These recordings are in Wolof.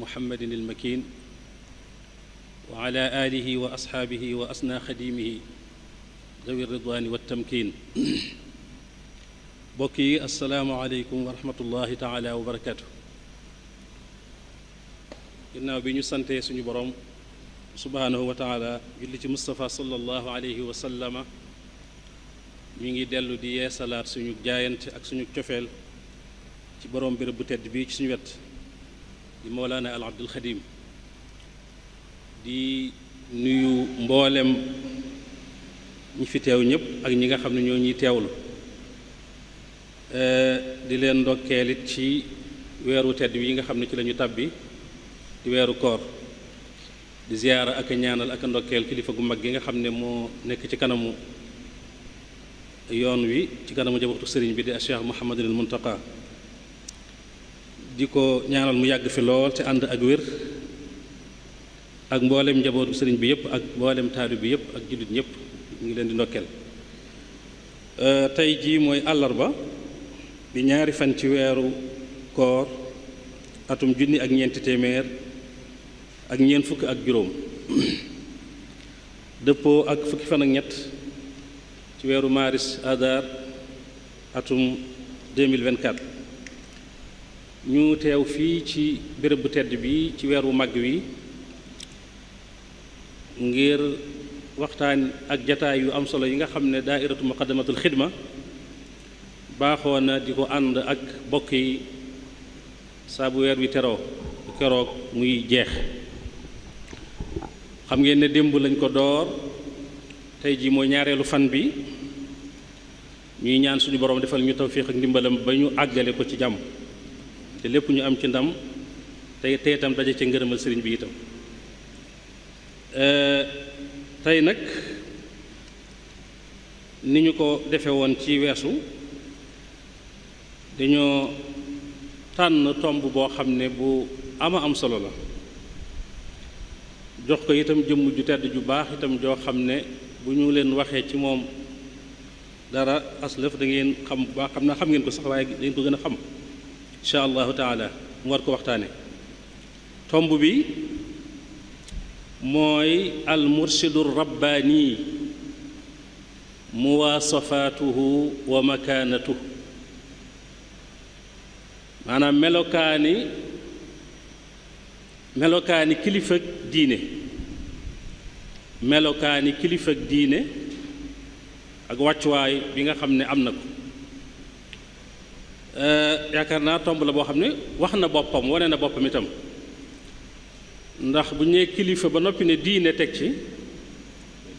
محمد المكين وعلى آله وأصحابه وأسنى خديمه ذوي الرضوان والتمكين بكي السلام عليكم ورحمة الله تعالى وبركاته ginnaaw bi ñu sante suñu borom subhaanahu wa taala julli ci Moustapha sallallahu alayhi wa sallama ñu ngi dellu di yeesalaat suñu jaayante ak suñu cofeel ci borom bërëb bu tedd bii ci suñu wet di Mawlana al Abdul Xadim di nuyu mboolem ñi fi teew ñëpp ak ñi nga xam ne ñoo ñuy teewlu di leen ndokkeelit ci weeru tedd yi nga xam ne ci la ñu tàbbi di weeru koor di ziyaara ak ñaanal ak ndokkeel kilifa gu mag gi nga xam ne nekk ci kanamu yoon wi ci kanamu jabootu sëriñ bi di Cheikh Mouhamadul Muntaqa di ko ñaanal mu yàgg fi lool te ànd ak wér ak mboolem njabootu sëriñ bi yëpp ak mboolem taalu bi yëpp ak jullit ñëpp mu ngi leen di ndokkeel euh, tey jii mooy àllarba di ñaari fan ci weeru koor atum junni ak ñeenti téeméer ak ñeent fukk ak juróom dëppoo ak fukki fan ak ñett ci weeru maaris adar atum 2024 ñu teew fii ci béréb bu tedd bi ci weer wu màgg wi ngir waxtaan ak jataay yu am solo yi nga xam ne daairatu muqaddamatul xidma baaxoo na di ko ànd ak bokk yi saa bu weer wi teroo keroog muy jeex xam ngeen ne démb lañ ko door tey ji mooy ñaareelu fan bi ñuy ñaan suñu borom defal ñu tawfiq ak ndimbalam ba ñu àggale ko ci jàmm te lépp ñu am ci ndam tey tey itam daje ci ngërëmal sëriñ bi itam euh, tey nag ni ñu ko defe woon ci weesu dañoo tànn tomb boo xam ne bu ama am solo la jox ko itam jëmm ju tedd ju baax itam joo xam ne bu ñu leen waxee ci moom dara aslëf da ngeen xam bu baax xam naa xam ngeen ko sax waaye dañ ko gën a xam incha allahu taala mu war ko waxtaane tomb bi mooy al mursidu rabbaani muwaasafaatuhu wa makaanatuhu maanaam melokaani melokaani kilifa ak diine melokaani kilifa ak diine ak wàccuwaay bi nga xam ni am na ko Euh, yaakaar naa tomb la boo xam ne wax na boppam wane na boppam itam ndax bu ñu nee kilifa ba noppi ne diine teg ci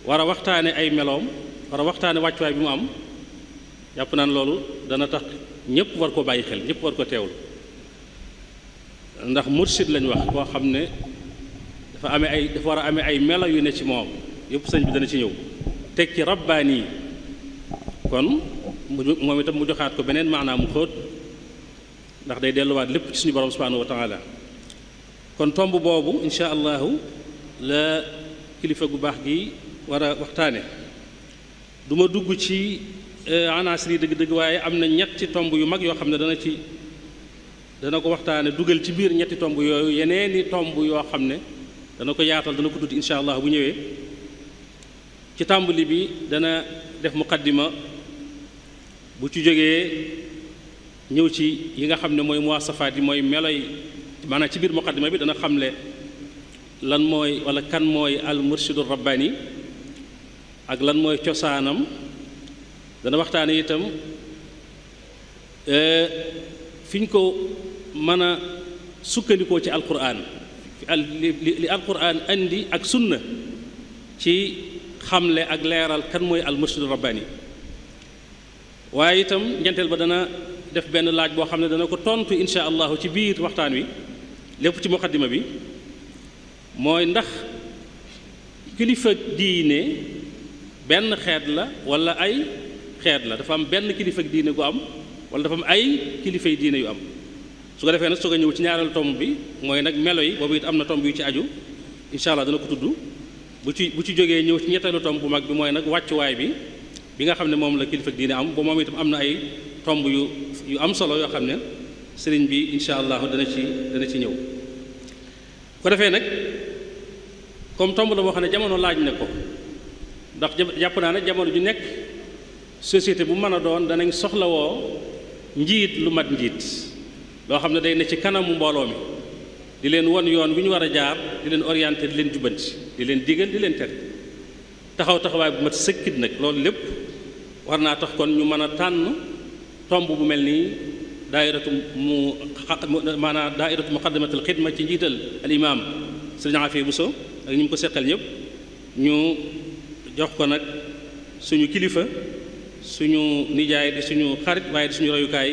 war a waxtaane ay meloom war a waxtaane wàccuwaay bi mu am jàpp naan loolu dana tax ñëpp war ko bàyyi xel ñëpp war ko teewul ndax mursid lañ wax koo xam ne dafa ame ay dafa war a ame ay melo yu ne ci moom yëpp sëñ bi dana ci ñëw teg ci rabbaani yi kon moom itam mu joxaat ko beneen maanaam mu xóot ndax day delluwaat lépp ci suñu borom subhanahu wa taala kon tomb boobu insha allahu la kilifa gu baax gi war a waxtaane du ma dugg ci euh, anaasir dëgg-dëgg waaye am na ñetti tomb yu mag yoo xam ne dana ci dana ko waxtaane dugal ci biir ñetti tomb yooyu yeneeni tomb yoo xam ne dana ko yaatal dana ko tudd insha allah bu ñëwee ci tàmbali bi dana def muqaddima bu ci joge ñëw ci yi nga xamne moy mooy muwasafaat yi moy melay manana ci bir muqaddima bi dana xamle lan moy wala kan moy al mursidur rabbani ak lan moy ciosanam dana waxtane itam euh fiñ ko mana sukkandiko sukkandikoo ci alquran li alquran andi ak sunna ci xamle ak leral kan moy al mursidur rabbani waaye itam ñenteel ba dana def benn laaj boo xam ne dana ko tontu insha allahu ci biir waxtaan wi lépp ci muqaddima bi mooy ndax kilifa diine benn xeet la wala ay xeet la dafa am benn kilifa diine gu am wala dafa am ay kilifay diine yu am su ko defee nag su ko ñëw ci ñaareelu tomb bi mooy nag melo yi boobu it am na tomb yu ci aju incha allah dana ko tudd bu ci bu ci jógee ñëw ci ñetteelu tomb bu mag bi mooy nag wàccuwaay bi bi nga xam ne moom la kilifa diine am ba moom itam am na ay tomb yu yu am solo yoo xam ne sëriñ bi incha allahu dana ci dana ci ñëw ko defee nag comme tomb la boo xam ne jamono laaj na ko ndax jàpp naa ne jamono ju nekk société bu mën a doon danañ soxlawoo njiit lu mat njiit loo xam ne day ne ci kanamu mbooloo mi di leen won yoon wi ñu war a jaar di leen orienté di leen jubbanti di leen digal di leen tere taxaw taxawaay bu mat sëkkit nag loolu lépp war naa tax kon ñu mën a tànn tomb bu mel nii daairatu mu maanaam daairatu muqaddamatul xidma ci njiital al imam sëriñ afi Buso ak ñu ko seqal ñëpp ñu jox ko nag suñu kilifa suñu nijaay di suñu xarit waaye di suñu royukaay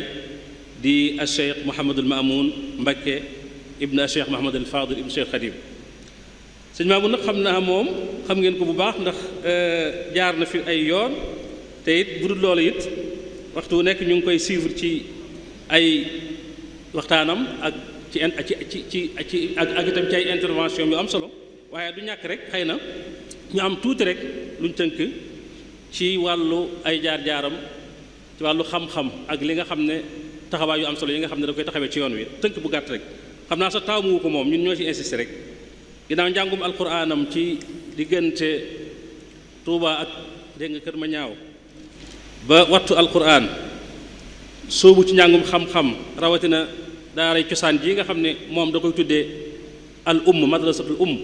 di al cheikh Mouhamadul Mamoun Mbakke ibn al cheikh al Fadil ibn cheikh Khadim sëñ Maamun na xam naa moom xam ngeen ko bu baax ndax euh, jaar na fi ay yoon te it bu dul loolu it waxtu wu nekk ñu ngi koy suivre ci ay waxtaanam ak ci ci ci ci ak ak itam ci ay intervention yu am solo waaye du ñàkk rek xëy na ñu am tuuti rek luñ tënk ci wàllu ay jaar-jaaram ci wàllu xam-xam ak li nga xam ne taxawaay yu am solo yi nga xam ne da koy taxawee ci yoon wi tënk bu gàtt rek xam naa sax taamu ko moom ñun ñoo ci insisté rek. ginnaaw njàngum alquraanam ci diggante Touba ak dégg nga kër ma ñaaw ba wattu alquraan soobu ci njàngum xam-xam rawatina daalay cosaan ji nga xam ne moom da koy tuddee al umm madrasatul umm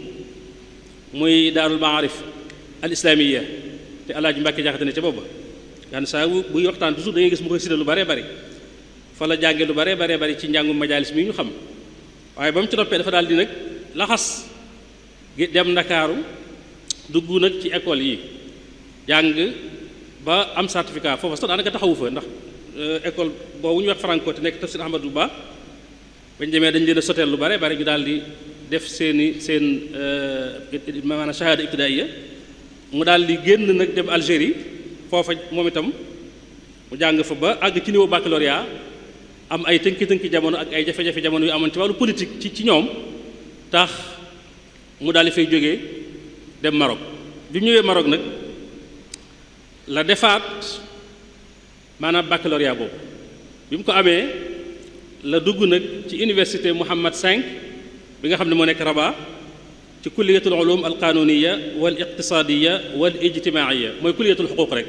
muy daarul maarif al islaamiya te alaaji Mbàkke jaxate ne ca booba daan saa bu buy waxtaan toujours da ngay gis mu koy sidda lu baree bari fa la jànge lu baree baree bari ci njàngum majalis mi ñu xam waaye ba mu ci noppee dafa daal di nag laxas dem ndakaaru dugg nag ci école yi jàng ba am certificat foofa sax daanaka taxawu fa ndax euh, école boobu ñu wax franco te nekk tafsir ahmadou ba bañ demee dañ leen a soteel lu bare bare daal di def seeni seen euh, maanaam shahada ibtidaaya mu daal di génn nag dem Algérie foofa moom itam mu jàng fa ba àgg ci niveau baccalauréat am ay tënki-tënki jamono ak ay jafe-jafe jamono yu amoon ci wàllu politique ci ci ñoom tax mu dal fay joge dem Maroc bi ñu ñewé Maroc nak la defaat mana baccalauréat boobu bi mu ko amé la dugg nak ci université Mohammed 5 bi nga xamne mo nek Rabat ci kulliyatul ulum al qanuniyya wal iqtisadiyya wal ijtimaiya mooy kulliyatul huquq rek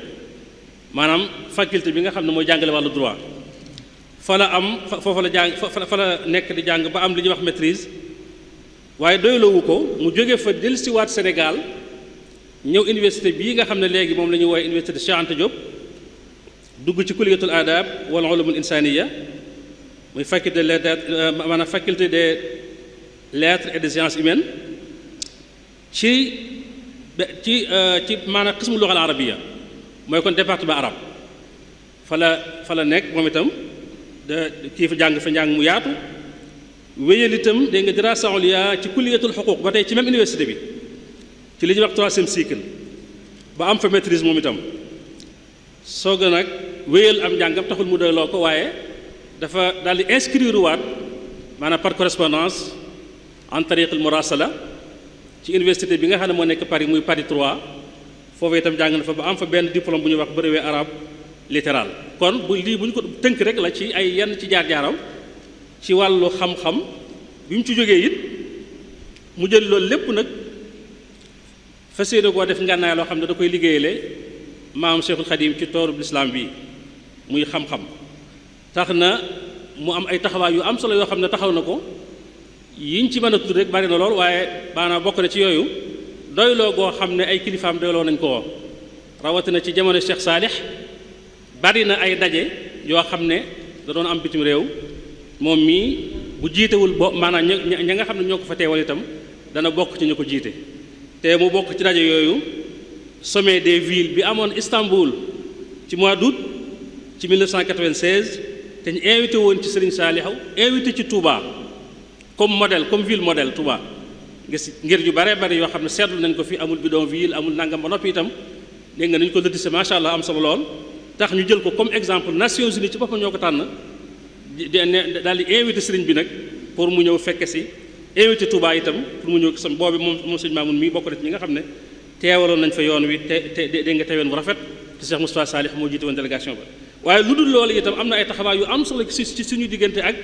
manam faculté bi nga xamne moy jàngale walu droit fa la am fofu la jàng fa la nekk di jàng ba am li ñuy wax maîtrise waaye doylawu ko mu jóge fa delsi dellusiwaat Sénégal ñëw université bii nga xam ne léegi moom la ñuy woowee université de Cheikh Anta Diop dugg ci kulliyatul adab wala ulumul insaniya muy faculté de lettres maanaam faculté des lettres et des sciences humaines ci ci ci maanaam qismu luxal arabia mooy kon département arab fa la fa la nekk moom itam de kii fa jàng fa njàng mu yaatu wéyal itam dégg nga dirasa ulya ci kulliyatul xuquuq ba tey ci même université bi ci li ñuy wax troisième cycle ba am fa maîtrise moom itam soog a nag wéyal am njàngam taxul mu doyloo ko waaye dafa daldi di inscrire waat maanaam par correspondance en tariq al murasala ci université bi nga xam ne moo nekk Paris muy Paris 3 foofu itam jàng na fa ba am fa benn diplôme bu ñuy wax brevet arabe littéral kon bu lii bu ñu ko tënk rek la ci ay yenn ci jaar-jaaram ci wàllu xam-xam bi mu ci jógee it mu jël loolu lépp nag fas yéene koo def ngànnaay loo xam ne da koy liggéeyale maam Cheikhul Khadim ci toorub lislaam bi muy xam-xam tax na mu am ay taxawaay yu am solo yoo xam ne taxaw na ko yiñ ci mën a tudd rek bari na lool waaye baanaa bokk na ci yooyu doyloo goo xam ne ay kilifaam doyloo nañ ko rawatina ci jamono Cheikh Saalix bari na ay daje yoo xam ne da doon am bitim réew moom mii bu jiitewul bo maanaam ña ña nga xam ne ñoo ko fa teewal itam dana bokk ci ñu ko jiite te mu bokk ci daje yooyu sommet des ville bi amoon Istanbul ci mois d'août ci 1996 te ñu invité woon ci Serigne Saliou invité ci Touba comme modèle comme ville modèle Touba gis ngir yu bare bari yoo xam ne seetlu nañ ko fi amul bidonville amul nangam ba noppi itam dégg nga nañ ko lëtise macha allah am solo lool tax ñu jël ko comme exemple Nations Unies ci boppam ñoo ko tànn. daal di invité sëriñ bi nag pour mu ñëw fekke si invité Touba itam pour mu ñëw sam boobu moom moom sëñ Mamoun mii bokk na ci ñi nga xam ne teewaloon nañ fa yoon wi te te dégg nga teeween bu rafet te Cheikh Moustapha Salih moo jiite woon délégation waaye lu dul loolu itam am na ay taxawaay yu am solo ci suñu diggante ak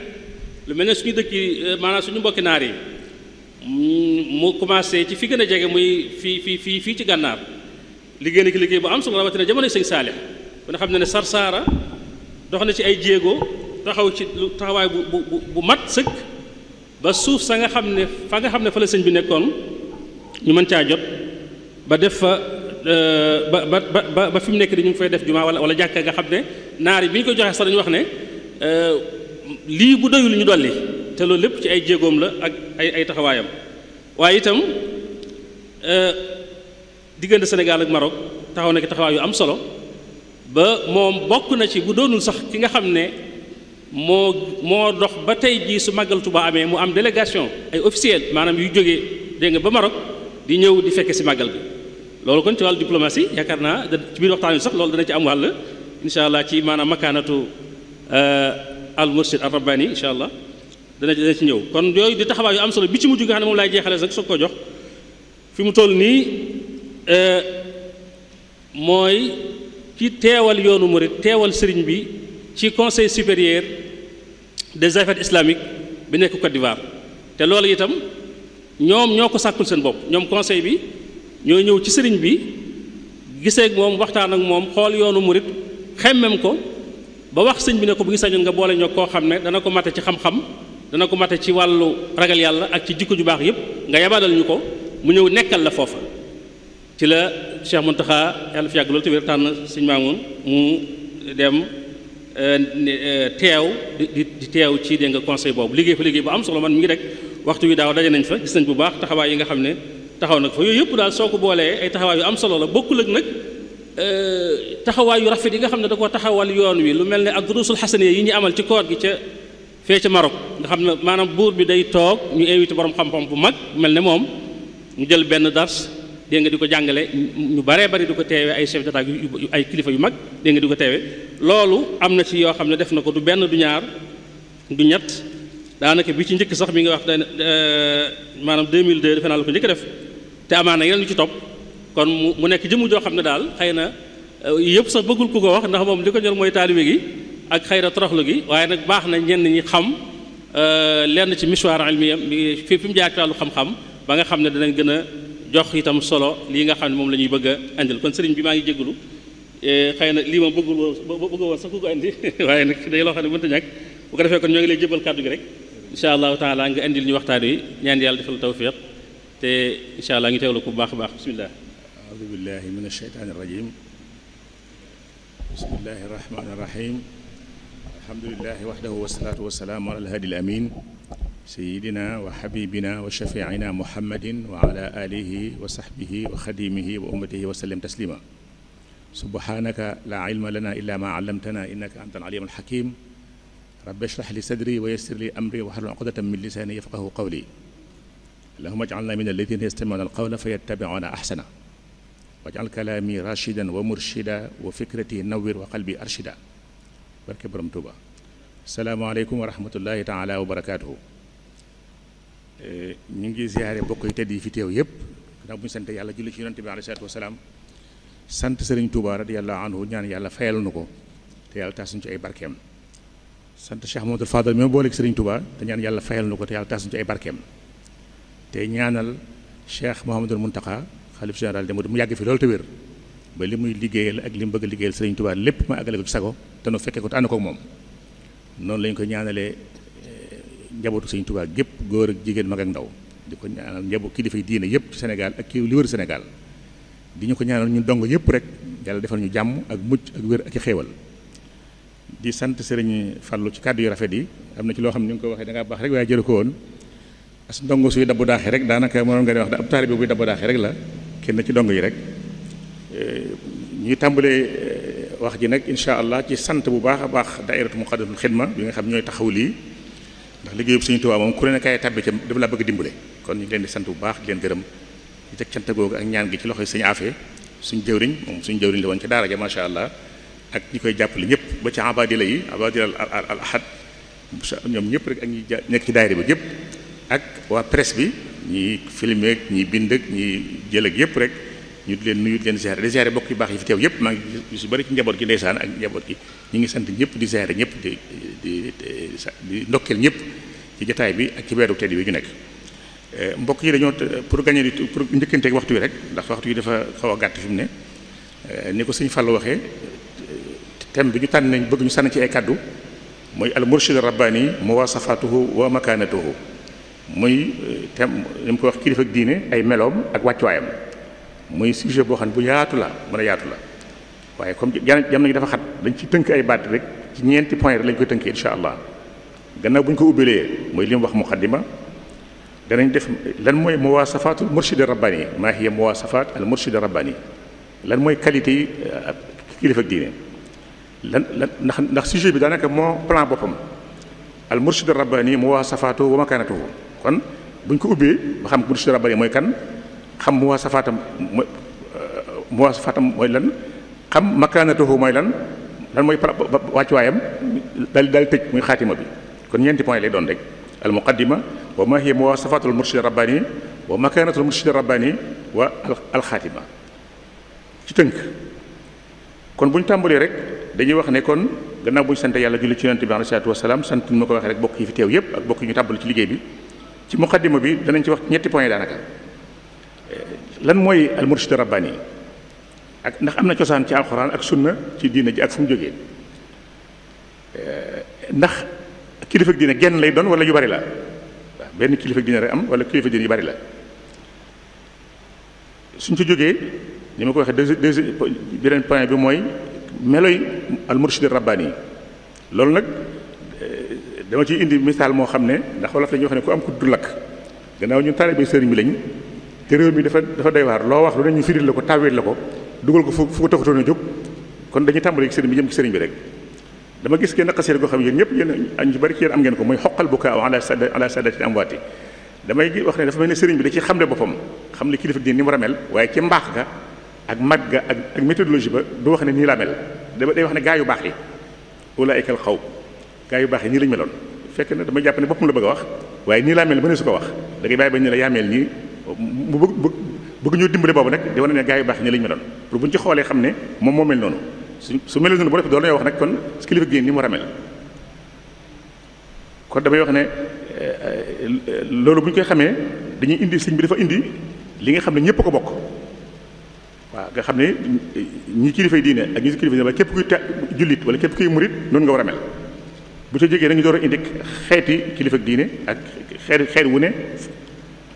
lu mel ne suñu dëkk yi euh, maanaam suñu mbokki naar yi mm, mu commencé ci fi gën a jege muy fii fii fii fii ci gànnaar liggéey na liggéey bu am solo rawatina jamono sëñ Salih ba nga xam ne ne Sarsara dox na ci ay jéego taxaw ci lu taxawaay bu bu bu mat sëkk ba suuf sa nga xam ne fa nga xam ne fa la sëñ bi nekkoon ñu mën caa jot ba def fa euh, ba ba ba ba fi mu nekk di ñu fay def jumaa wala wala jàkka nga xam ne naar yi bi ñu ko joxee sax dañu wax ne euh, lii bu doyul ñu dolli te loolu lépp ci ay jéegoom la ak ay ay taxawaayam waaye itam euh, diggante Sénégal ak Maroc taxaw na ki taxawaay am solo ba moom bokk na ci bu doonul sax ki nga xam ne moo moo dox ba tey jii su màggal Tuubaa amee mu am délégation ay officiel maanaam yu jógee dégg nga ba Maroc di ñëw di fekke si màggal bi loolu kon ci wàllu diplomatie yaakaar naa ci biir waxtaan bi sax loolu dana ci am wàll incha allah ci maanaam makaanatu euh, al mursid al rabbani allah dana dana ci ñëw kon yooyu di taxawaay am solo bi ci mu nga xam ne moom laay jeexale sax ko jox fi mu toll nii euh, mooy ki teewal yoonu murit teewal sëriñ bi ci conseil supérieur des affaires islamiques bi nekk ko d'Ivoire te loolu itam ñoom ñoo ko sàkkul seen bopp ñoom conseil bi ñoo ñëw ci sëriñ bi gisee ak moom waxtaan ak moom xool yoonu murit xemmem ko ba wax sëñ bi ne ko bu ngi sañoon nga boole ñoo koo xam ne dana ko mate ci xam-xam dana ko mate ci wàllu ragal yàlla ak ci jikko ju baax yépp nga yabaadal ñu ko mu ñëw nekkal la foofa ci la Cheikh Mountakha yàlla fi yàgg loolu tamit tànn sëñ Maamoun mu dem teew di di ci dégg conseil boobu liggéey fa liggéey bu am solo man mi ngi rek waxtu wi daaw daje nañ fa gis nañ bu baax taxawaay yi nga xam ne taxaw nag fa yooyu yëpp daal soo ko boolee ay taxawaay yu am solo la bokkul ak nag taxawaay yu rafet yi nga xam ne da koo taxawal yoon wi lu mel ne ak durusul xasane yi ñu amal ci koor gi ca fee ca Maroc nga xam ne maanaam buur bi day toog ñu invité borom xam-xam bu mag mel ne moom mu jël benn dars dégg nga di ko jàngale ñu baree bari di ko teewee ay chef d'état yu ay kilifa yu mag dégg nga di ko teewee loolu am na ci yoo xam ne def na ko du benn du ñaar du ñett daanaka bi ci njëkk sax mi nga wax euh, maanaam de defe naa la ko njëkk def te amaana yeneen lu ci topp kon mu nekk jëmm joo xam ne daal xëy na euh, yëpp sax bëggul ku ko wax ndax moom li ko ñor mooy taalibe gi ak xëy na toroxlu gi waaye nag baax na ñenn ñi xam euh, lenn ci misuwaar ilmiyam fi fi mu jaar ci wàllu xam-xam ba nga xam ne danañ gën a jox itam solo li nga xam ne moom la ñuy bëgg a andil kon sëriñ bi maa ngi jégalu xëy na lii ma bëggul woon bëgg woon sax ku ko andi waaye nag day loo xam ne mënta ñàkk bu ko defee kon ñoo ngi lay jébal kàddu gi rek incha allahu taala nga andil ñu waxtaan yi ñaan yàlla defal tawfiq te incha allah ngi teewlu ko bu baax a baax bismillah aoudu billahi min alcheytaani irrajim bismillahi irrahmani irrahim alhamdulilahi waxdahu wasalatu wasalaamu ala alhadi alamin سيدنا وحبيبنا وشفيعنا محمد وعلى آله وصحبه وخديمه وأمته وسلم تسليما سبحانك لا علم لنا إلا ما علمتنا إنك أنت العليم الحكيم رب اشرح لي صدري ويسر لي أمري وحل عقدة من لساني يفقه قولي اللهم اجعلنا من الذين يستمعون القول فيتبعون أحسنه واجعل كلامي راشدا ومرشدا وفكرتي نور وقلبي أرشدا بركة برمتوبة السلام عليكم ورحمة الله تعالى وبركاته Eh, ñu ngi ziare bokk yi tedd yi fi teew yëpp ndax bu ñu sant yàlla julli ci yonante bi alayhi salaatu wasalaam ñaan yàlla fayal nu ko te yàlla taas ñu ci ay barkeem sant Cheikh Mamadou Fadal mi ma booleeg sëriñ Touba te ñaan yàlla fayal nu ko te yàlla taas ñu ci ay barkeem te ñaanal Cheikh Mouhamadul Mountakha xalif général de mu yàgg fi loolu te wér ba li muy liggéeyal ak li mu bëgg liggéeyal sëriñ Touba lépp ma àggale ko ci sago te nu fekkee ko te ànd ko moom noonu lañ ko ñaanalee njabootu sëñ Tuubaa gépp góor ak jigéen mag ak ndaw di ko ñaanal njaboot kilifa yi yëpp ci ak kii li wër Sénégal ñu ko ñaanal ñu dong yëpp rek yàlla defal ñu jàmm ak mucc ak wér ak i xéewal di sant sëriñ Fallou ci kàddu yu rafet yi am na ci loo xam ne ni nga koy waxee da ngaa baax rek waaye jëru ko woon as ndongo suy dabbu daaxee rek daanaka mënoon nga ne wax da ab taalibe buy dabbu daaxee rek la kenn ci dong yi rek eh, ñuy tàmbalee eh, wax ji nag incha allah ci sant bu baax a baax da daayiratu muqaddamatul xidma bi nga xam ñooy taxaw lii ndax liggéeyub Sëriñ Tuubaa moom ku ne kaay tabbi ca dafa laa bëgg dimbale kon ñu leen di sant bu baax di leen gërëm di teg cant googu ak ñaan gi ci loxo suñu Afee suñ jëwriñ moom suñ jëwriñ la woon ca daara ja macha allah ak ñu koy jàppale ñëpp ba ci abadila yi abadila al ahad ñoom ñëpp rek ak ñi nekk ci daayira bi yëpp ak waa presse bi ñi filmer ñuy bind ak ñi jël ak yëpp rek ñu di leen nuyu di leen ziare di ziare bokk yu baax yi fi teew yëpp maa ngi si bëri ci njaboot gi ndeysaan ak njaboot yi ñu ngi sant ñëpp di ziare ñëpp di di di ndokkeel ñëpp ci jataay bi ak ci weeru tedd bi ñu nekk eh, mbokk yi dañoo pour gagner di pour njëkkanteeg waxtu yi rek ndax waxtu yi dafa xaw a gàtt fi mu ne eh, ni ko sëñ Fallou waxee thème bi ñu tànn nañ bëgg ñu sànn ci ay kàddu mooy al murshid rabbani muwasafatuhu wa makanatuhu muy eh, thème li mu ko wax kilifa diine ay meloom ak wàccuwaayam muy sujet boo xam ne bu yaatu la mën a yaatu la waaye comme jamono ji dafa xat dañ ci tënk ay baat rek ci ñeenti point rek lañ koy tënk incha allah gannaaw buñ ko ubbilee mooy li mu wax muqaddima danañ def lan mooy muwaasafatul murshid rabbani maa hiya muwaasafat al murshid rabbani lan mooy qualité euh, kilifa diine lan lan ndax ndax sujet bi daanaka moo plan boppam al murshid rabbani muwaasafatu wa makaanatuhu kon buñ ko ubbee ba xam murshid rabbani mooy kan xam mu wasafaatam mooy euh, mu wasafaatam mooy lan xam makaanatuhu mooy lan lan mooy wàccuwaayam daal daal tëj muy xaatima bi kon ñeenti point lay doon rek al muqaddima wa ma hiya muwasafatul murshid rabbani wa makaanatul murshid rabbani wa al xaatima ci tënk kon bu ñu tàmbalee rek dañuy wax ne kon gannaaw bu ñu sant yàlla julli ci yonent bi alayhi salaatu wasalaam sant ñu ma ko waxee rek bokk yi fi teew yépp ak bokk yi ñu tàmbali ci liggéey bi ci muqaddima bi danañ ci wax ñetti point daanaka lan mooy al murshid rabbani ak ndax am na cosaan ci alxuraan ak sunna ci diina ji ak fu mu jógee eh, ndax kilifa diine genn lay doon wala yu bari la waaw benn kilifa diine rek am wala kilifa diine yu bari la suñ ci jógee ni ma ko waxee deuxième deuxième beneen bi mooy meloy al murshid rabbani loolu nag eh, dama ciy indi misaal moo xam ne ndax wolof la ñuy wax ne ku am ku du lakk gannaaw ñun taalibe sëriñ bi lañ. te réew mi dafa dafa doy waar loo wax lu ne ñu firil la ko tawil la ko dugal ko fu ko taxutoon a jóg kon dañuy tàmbali ci sëriñ bi jëm ci sëriñ bi rek dama gis kenn xasida goo xam yéen ñëpp yéen ñu bari ci yéen am ngeen ko muy xoqal bu kaaw ala ala sadati amwaati damay wax ne dafa mel ne sëriñ bi da ci xamle boppam xam ne kilifa diin ni mu ramel waaye ci mbaax ga ak mat ga ak ak méthodologie ba du wax ne nii laa mel dama day wax ne gaa yu baax yi ulaaika al xaw gaa yu baax yi nii lañ meloon fekk na dama jàpp ne boppam la bëgg a wax waaye nii laa mel ba ne su ko wax da ba ñu la yaa mu bëgg bëgg bëgg ñoo dimbale boobu nag di wane ne gaa yu baax ñi lañu meloon pour bu ñu ci xoolee xam ne moom moo mel noonu su su mel noonu bu def doon nañoo wax kon su kilifa gi ni mu damay wax ne eh, loolu bu ñu koy xamee dañuy indi sëñ bi dafa indi li nga xam ne ñëpp ko bokk waaw nga xam ne ñi kilifa yi diine ak ñi si kilifa yi wala képp kuy jullit wala képp kuy murit noonu nga war a mel bu ca jegee nañu door a indi xeeti kilifa diine ak xeet xeet wu ne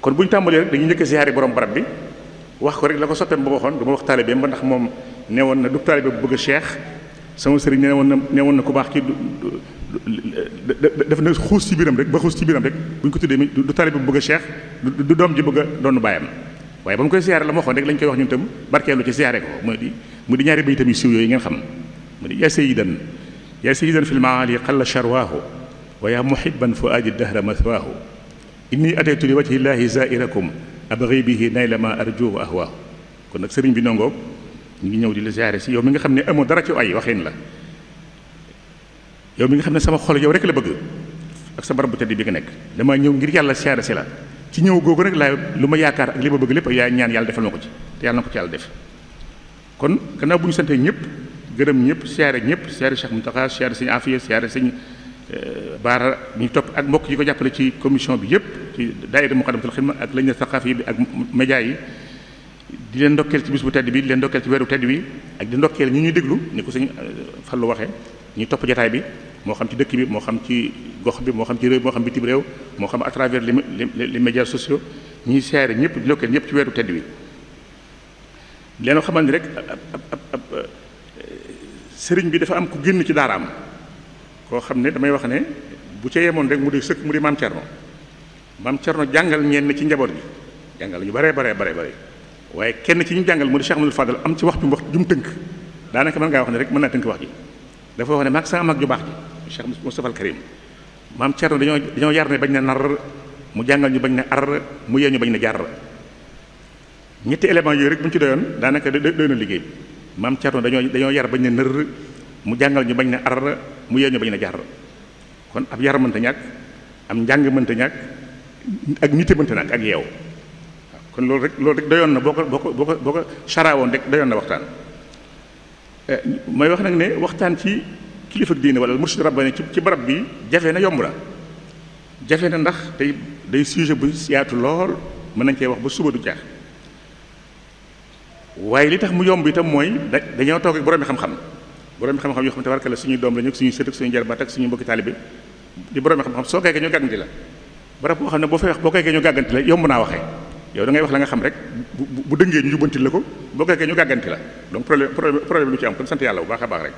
kon buñ tambalé rek dañuy ñëk ziaré borom barab bi wax ko rek la ko soppeem ba waxoon du wax talibé ba ndax mom néwon na du talibé bu bëgg cheikh sama sëriñ néwon na néwon na ku bax ki def na xuus ci biram rek ba xuus ci biram rek buñ ñu ko tuddee du talibé bu bëgg cheikh du dom ji bëgg a doon bàyyam waaye ba koy ziaré la ma waxoon rek lañ koy wax ñun tam barké lu ci ziaré ko mu di mu di ñaari baytam yu siiw yooyu ngeen xam mu di ya sayyidan ya sayyidan fil maali qalla charwaahu wa ya muhibban fuaadi dahra mathwaahu إني أتيت لوجه الله زائركم أبغي به نيل ما أرجو وأهوى كون نك سيرين بي نونغو نيغي نيو دي زيارة سي يوم ميغا خامني امو دارا تي واي واخين لا يوم ميغا خامني سما خول يوم ريك لا بغ اك سا بربو تدي بيغا نيك داما نيو غير يالا سيارة سي لا تي نيو غوغو ريك لا لوما ياكار اك ليما بغ ليب يا نيان يالا ديفال نكو تي تي يالا نكو تي يالا ديف كون كنا بو ني سانتي نييب گرم نييب سيارة نييب سيارة شيخ منتخا سيارة سيني عافيه سيارة سيني Euh, baara ñu topp ak mbokk yi ko jàppale ci commission bi yëpp ci daayira Muqaddamatul Xidma ak lañ na saxaaf bi ak média yi di leen ndokkeel ci bu tedd bi di leen ndokkeel ci weeru tedd bi ak di ñu ñuy déglu ni ko sëñ euh, Fallu waxee ñuy topp jataay bi moo xam ci dëkk bi moo xam ci gox bi moo xam ci réew moo xam bitim réew moo xam à travers les médias sociaux ñuy seere ñëpp di ndokkeel ñëpp ci weeru tedd bi leen xamal ni rek ab ab ab euh, sëriñ bi dafa am ku génn ci daaraam koo xam ne damay wax ne bu ca yemoon rek mu dee sëkk mu di maam Thierno maam Thierno jàngal ñenn ci njaboot gi jàngal ñu baree baree baree bare waaye kenn ci ñu jàngal mu di Cheikh Amadou Fadal am ci wax ju wax jum tënk daanaka mën ngaa wax ne rek mën naa tënk wax ji dafa wax ne maag sama mag ju baax ji Cheikh Moustapha al Karim maam Thierno dañoo dañoo yar ne bañ na nar mu jàngal ñu bañ na ar mu yee ñu bañ na jaar ñetti éléments yooyu rek bu ci doyoon daanaka doy na liggéey maam Thierno dañoo dañoo yar bañ na nër mu jàngal ñu bañ na ar mu yee ñu bañ na jaar kon ab yar mënta am njàng mënta ñàkk ak nite mënta ñàkk ak yeew kon loolu rek loolu rek doyoon na boo ko boo ko boo ko boo saraawoon rek doyoon na waxtaan eh, mooy wax nag ne waxtaan ci kilifa diine wala mursid rabbani ci barab bi jafe na yomb la jafe na ndax tey day sujet bu yaatu lool mën nañ cee wax ba suba du jaax waaye li tax mu yomb itam mooy dañoo toog ak borom xam-xam borom xam-xam yoo xam te warkala suñuy doom lañu ak suñuy sët ak suñuy jarbaat ak suñu mbokki taalibe di borom xam-xam soo koy ñu gàgganti la barab boo xam ne boo fay wax boo koy ñu gàgganti la yomb naa waxee yow da ngay wax la nga xam rek bu dëngee ñu jubbantil la ko boo koy ñu gàgganti la donc problème problème lu ci am kon sant yàlla bu baax a baax rek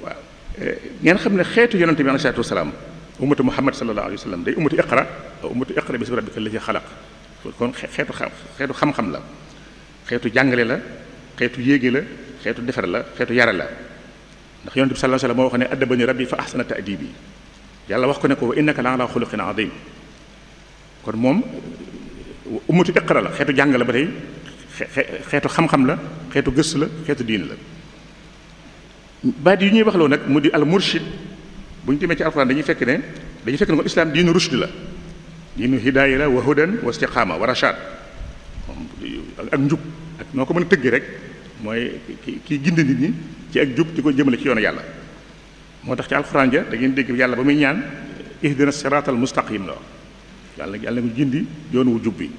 waaw eh, ngeen xam ne xeetu yonente bi alayhi salaatu wasalaam ummatu muhammad sallallahu alayhi wa sallam day ummatu iqra ummatu iqra bismi rabbika allazi xalaq kon xeetu xeetu xam-xam la xeetu jàngale la xeetu yéege la xeetu defar la xeetu yara la ndax yonent bi sallallahu alayhi wasallam mo wax ne addabani rabbi fa ahsana ta'dibi yàlla wax ko ne ko innaka la ala khuluqin azim kon mom ummatu iqra la xeetu jàng la batay tey xeetu xam-xam la xeetu geus la xeetu diin la baat yi ñuy wax loo nag mu al murshid buñu timé ci alquran dañuy fekk ne dañuy fekk ne islam diinu rushd la diinu hidayah la wa hudan wa istiqama wa rashad ak njub ak noko mëna mën tëgg rek mooy kii gind nit ñi ci ak jub ci ko jëmale ci yoonu yàlla moo tax ca alxuraan ja da ngeen dégg yàlla ba muy ñaan ihdina siraatal mustaqim la yàlla yàlla mu jindi yoon wu jub bi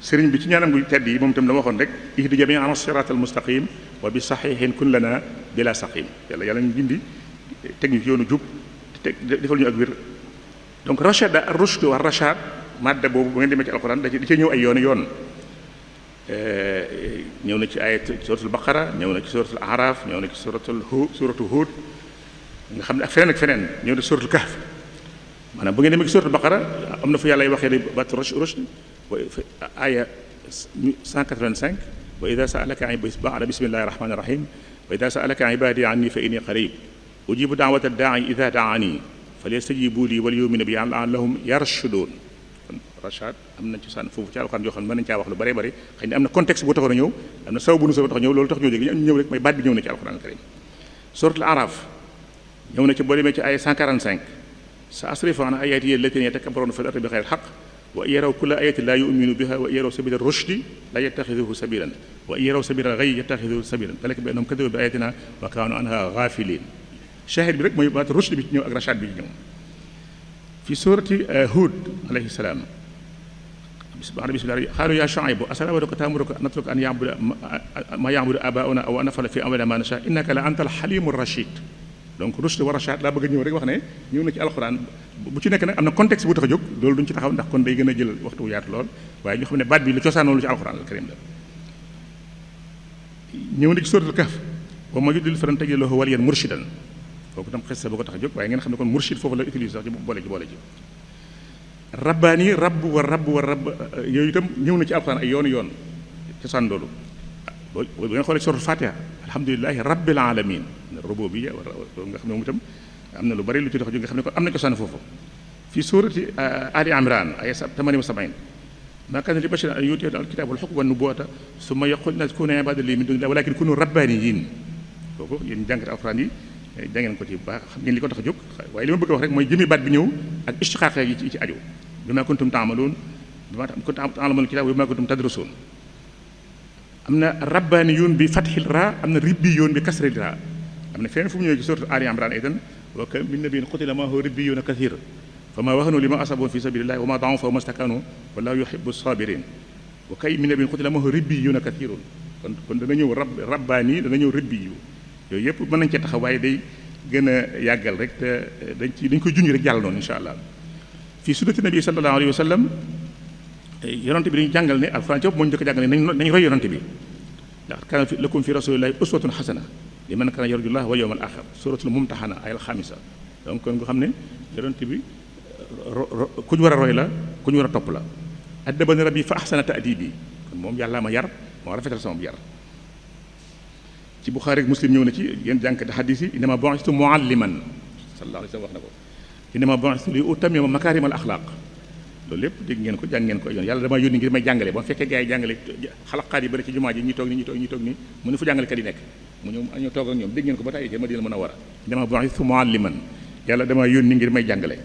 sëriñ bi ci ñaanam gu tedd yi moom itam dama waxoon rek ihdi jami ana siraatal mustaqim wa bi saxihin kun lana bila saqim yàlla yàlla ñu jindi teg ñu ci yoonu jub te defal ñu ak wér donc rachada rushd wa rachad boobu bu ngeen demee ci alxuraan da ci ñëw ay yoon yoon ñëw ci ayat suratul baqara ñëw na ci suratul araf ñëw na ci suratul hu suratul hud nga xam ne ak feneen ak feneen ñëw na suratul kahf maanaam bu ngeen demee ci suratul baqara am na fu yàlla waxee ne bat rush rush wa aya 185 wa ida saalaka ba'da bismillahi rahmani rahim wa ida saalaka ibadi anni fa inni qarib ujibu da'wata da'i ida da'ani falyastajibu li wal yu'minu bi la'allahum yarshudun rachat amna ci san fofu ci alxuraan joo xam ne mën nañ caa wax lu bari bari xani amna contexte bu taxone ñëw amna saw bu nu saw tax ñëw lolu tax ñoo jóg ñëw rek may baat bi ñëw na ci alxuraan karim surat al araf ñëw na ci boo demee ci ay 145 sa asrifu an ayati allatine yatakabbaruna fil ardi bi ghayri xaq wa yaraw kulla ayati la yuminu biha wa yaraw sabila rushdi la yattakhidhuhu sabilan wa yaraw sabila xay yattakhidhuhu sabilan dalika bi annahum kadibu bi ayatina wa kanu anha ghafilin shahid bi rek mooy baat rushdi bi ñëw ak rachat bi ñëw في سورة هود عليه السلام العربي بسم العربي قالوا يا شعيب أسنامرك تأمرك أن نترك أن يعبد ما يعبد آباؤنا أو أن نفعل في أمرنا ما نشاء إنك لأنت الحليم الرشيد donc rushd wa rashad laa bëgg ñëw rek wax ne ñëw na ci alxuraan bu ci nekk nag am na contexte bu tax a jóg loolu duñ ci taxaw ndax kon day gën a jël waxtu yaatu lool waaye ñu xam ne baat bi lu cosaanoo lu ci alxuraan al karim la ñëw na ci suratul kaf wa ma yudil falan tajid lahu waliyan murshidan kooku tam xes ba ko tax a jóg waaye ngeen xam ne kon murshid foofu la utilise sax ci boole ci boole ci رباني رب والرب والرب يوتم نيونا تي القران يون يون تي ساندولو بو بو نخول سور الفاتحه الحمد لله رب العالمين الربوبيه وغا خنم موتم امنا لو بري لو تي تخجو غا خنم امنا كو سان فوفو في سوره ال عمران ايه 78 ما كان لبشر ان يوتي الكتاب والحكم والنبوه ثم يقول لنا كونوا عباد لي من دون الله ولكن كونوا ربانيين كوكو ين da ngeen ko ci bu baax xam ngeen li ko tax a jóg waaye li ma bëgg a wax rek mooy jëmi baat bi ñëw ak istixaaq yi ci ci aju bi maa kuntum taamaloon bi maa kuntum taamaloon kitaab bi maa kuntum tadrusoon am na rabbaani yoon bi fatxil ra am na ribbi yoon bi kasril ra am na feneen fu mu ñëwee ci surtout Ali Imran itam wa kam min nabiyin qutila maahu ribbiyuuna kathiir فما وهنوا لما أصابوا في سبيل الله وما ضعفوا وما استكانوا والله يحب الصابرين وكأي من نبي قتل معه ربيون كثير كن دنا نيو رب رباني دنا نيو ربيو yooyu yëpp mën nañ cee taxaw waaye day gën a yàggal rek te dañ ci dañ koy junj rek jàll noonu incha allah fii sunnati nabi sallallahu alayhi wa sallam yonante bi dañu jàngal ne alxuraan ci moo ñu ko jàngal ne nañ nañ roy yonante bi ndax kana fi lakum fi rasulillahi uswatun xasana li man kana yarjullah wal yawmal axir suratul mumtaxana ayal xamisa donc kon nga xam ne yonante bi ku ñu war a roy la ku ñu war a topp la addabani rabbi fa axsana taadibi kon moom yàllaa ma yar moo rafetal sama yar ci bukhari ak muslim ñëw na ci yéen jànkati xadis yi innama bu'istu mualliman sallallahu alayhi wa sallam wax bu'istu li utammima makarim al akhlaq lo lépp deg ngeen ko jàng ngeen ko yoon yàlla dama yoni ngir may jàngale ba fekke gay jàngale xalaqaat yi bëri ci jumaa ji ñi tok ni ñi tok ñi tok ni mu ne fu jàngalekat yi nek mu ñu ñu tok ak ñom deg ngeen ko ba tey ma dina mën a war bu'istu mualliman yàlla dama yoni ngir may jàngale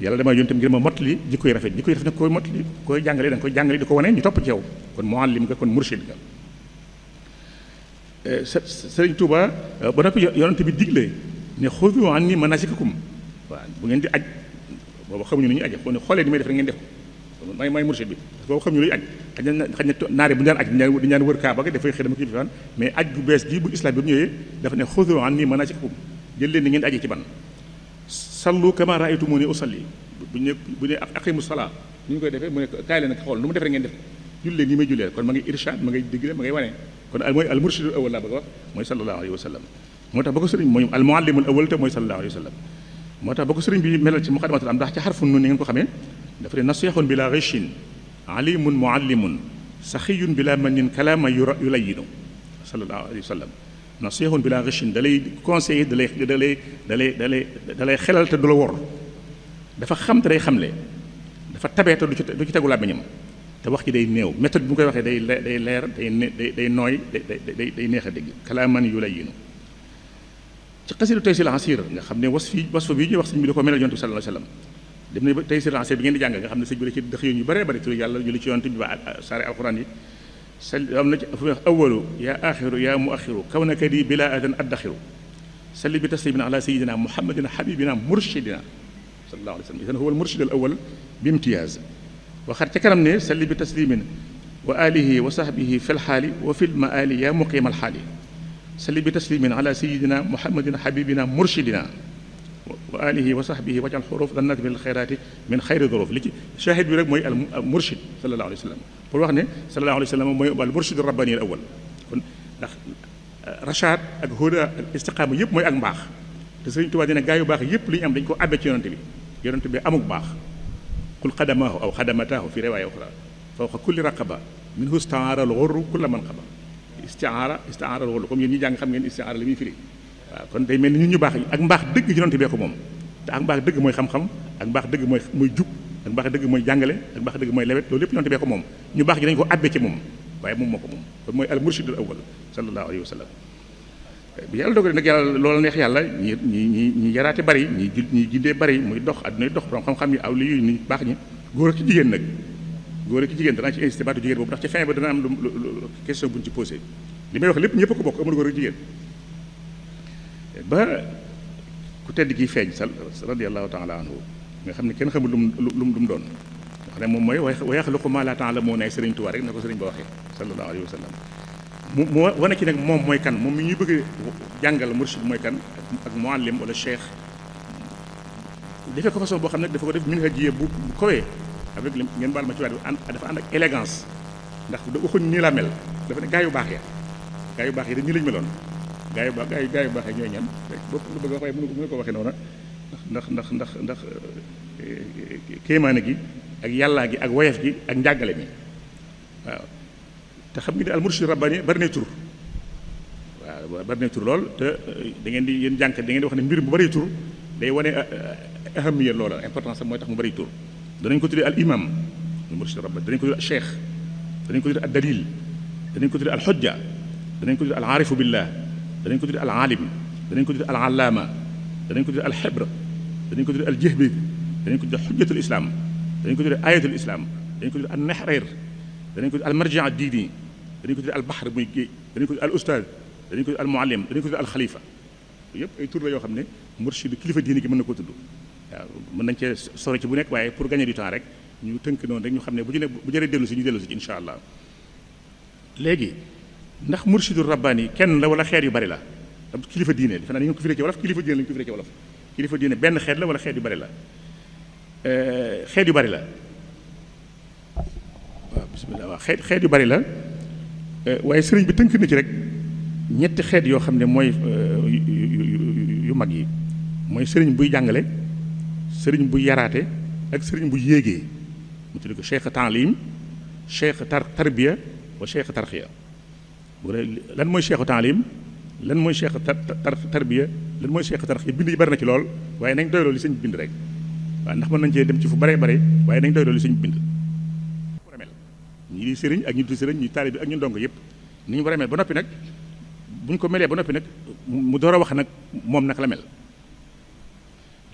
yàlla dama yoni tam ngir ma motli jikkoy rafet jikkoy rafet nag koy motli koy jàngale dang koy jàngale diko woné ñu top ci yow kon muallim nga kon mursid nga Eh, Sëriñ Tuuba eh, ba noppi yonent bi digle ne xudu anni manasikakum waaw bu ngeen di aj boobu xamuñu ni ñuy aje ne xoolee ni may def rek ngeen def ko may may mursid bi boobu xamuñu luy aj xaj na xaj na naare bu ñu daan aj di ñaan wër kaaba ga dafay xëy dama kii fan mais aj bu bees gi bu islam bi bu ñëwee dafa ne xudu anni manasikakum jël leen ni ngeen aje ci ban sallu kama raaytumuni usalli bu ñu bu ñu aqimu salaa ni ñu koy mu ne kaay leen nag xool nu mu def rek ngeen def ko jullee nii may jullee kon ma ngi irshad ma ngay digle ma ngay wanee kon moy al murshidul awal laa bëgg wax mooy sallallahu alayhi wasallam motax bako serigne moy al muallim al awwal te moy sallallahu alayhi wasallam motax bako serigne bi melal ci muqaddimatul am ndax ci harfu nun ngeen ko xamé dafa ne nasihun bila ghishin alimun muallimun saxiyun bila manin kalama yulayinu sallallahu alayhi wasallam nasihun bila ghishin dalay conseiller dalay dalay dalay dalay da xelal te dula wor dafa xam te day xamle dafa tabee te du ci du ci tegu làmmiñam te wax ci day néew méthode bu mu koy waxee day day leer day day day nooy day day day neex a dégg kalaaman yu lay yinu ci xasidu tey si la xasir nga xam ne was fi was fa bii ñuy wax sëñ bi da ko melal yonte bi sallallahu alayhi wasallam dem na tey si la xasir bi ngeen di jàng nga xam ne sëñ bi da ci dëx yoon yu bëree bëri tur yàlla julli ci yonte bi ba saare alquran yi sal am na ci fu wax awalu yaa axiru yaa muaxiru kaw na kadi bila adan addaxiru salli bi taslimin ala sayidina muhammadina habibina murshidina sallallahu alayhi wasallam idan huwa al murshid al وخرت كلام نير سلي بتسليم وآله وصحبه في الحال وفي المآل يا مقيم الحال سلي بتسليم على سيدنا محمد حبيبنا مرشدنا وآله وصحبه وجعل الحروف ظنت بالخيرات من خير الظروف شاهد بيرك موي المرشد صلى الله عليه وسلم بول واخني صلى الله عليه وسلم موي المرشد الرباني الاول رشاد اك هدى الاستقامه ييب موي اك مباخ سيرن توبا دينا غايو باخ ييب لي ام دنجكو ابي تي يونتبي يونتبي اموك باخ كل خدمه او خدمته في روايه اخرى فوق كل رقبه منه استعار الغر كل من قبل استعاره استعاره الغر كوم ني جان خم استعاره لمي فري كون داي ملني ني باخ اك باخ دك جونت بيكو موم تا اك باخ دك موي خم خم اك باخ دك موي موي جوك اك باخ دك موي جانغالي اك باخ دك موي لويت لول يپ جونت بيكو موم ني باخ جي نكو ابي تي موم واي موم مكو موم موي المرشد الاول صلى الله عليه وسلم bi yàlla dogalee nag yàlla loola neex yàlla ñi ñi ñi yaraate bari ñi ñi jiddee bari muy dox addunay dox borom xam-xam yi aw li yu ni baax ñi góor ak ci jigéen nag góor ak ci jigéen danaa ci insisté baatu jigéen boobu ndax ci fin ba dana am lu question bu ñu ci posé li may wax lépp ñëpp ko bokk amul góor ak jigéen ba ku tedd kii feeñ sa radiallahu taala anhu nga xam ne kenn xamul lu lu lu mu doon nga xam ne moom mooy wa ko ma la taalamuuna moo nay sëriñ Tuubaa rek na ko sëriñ ba waxee sallallahu alayhi wa sallam mu mu wane ci nag moom mooy kan moom mi ñuy bëgg jàngal mursid mooy kan ak muallim walla cheikh defee ko façon boo xam ne dafa ko def min nga jiyee bu bu kowee avec ngeen baal ma ci waat dafa ànd ak élégance ndax da waxuñ nii dafa ne gaa yu baax ya gaa baax yi de nii lañ meloon gaa yu baax gaa gaa yu baax yi ñooy ñan bopp lu bëgg a waxee mënu ko waxee noonu ah. ndax ndax ndax ndax eh, eh, eh, kéemaane gi ak yàllaa gi ak woyof gi ak njàngale mi waaw te xam nga ne almurshid rabbani bari nay tur waaw bari nay lool te da ngeen di yéen jànk da ngeen di wax ne mbir mu bari tur day wane ahamiya loola importance am mooy tax mu bari tur danañ ko tuddee al imam almurshid rabbani danañ ko tuddee al cheikh danañ ko tuddee al dalil danañ ko tuddee al xojja danañ ko al aarifu billah danañ ko tuddee al alim danañ ko tuddee al allaama danañ ko tuddee al xibr danañ ko tuddee al jihbi danañ ko tuddee xujjatul islam danañ ko tuddee ayatul islam danañ ko tuddee al naxreer ko tuddee al marjaa dañu ko tuddee al baxar muy géej dañu ko tuddee al ustaaz dañu ko tuddee al muallim dañu ko tuddee al xalifa yëpp ay tur la yoo xam ne mursidu kilifa diini gi mën na ko tudd waaw mën nañ cee sori ci bu nekk waaye pour gagner du temps rek ñu tënk noonu rek ñu xam ne bu ñu ne bu jëree dellu si ñu dellu si incha allah léegi ndax mursidu rabbaani kenn la wala xeet yu bari la kilifa diine defe naa dañu ko firee ci wolof kilifa diine lañu ko firee ci wolof kilifa diine benn xeet la wala xeet yu bari la xeet yu bari la waaw bismillah waaw xeet xeet yu bari la Euh, waaye sëriñ bi tënk na ci rek ñetti xeet yoo xam ne mooy euh, yu mag yi mooy sëriñ buy jàngale sëriñ bu yaraate ak sëriñ bu yéegee mu tudd ko cheikh taalim cheikh tar tarbiya wa cheikh tarxiya lan mooy cheikh taalim lan mooy cheikh tar tarbiya lan mooy cheikh tarxiya bind yi bari na ci lool waaye nañ doyloo li sëñ bind rek waaw ndax mën nañ jee dem ci fu baree bare waaye nañ doyloo li sëñ bind ñi di sëriñ ak ñu di sëriñ ñu taalibe ak ñu ndongo yëpp ni ñu war mel ba noppi nag bu ko melee ba noppi nag mu door a wax nag moom nag la mel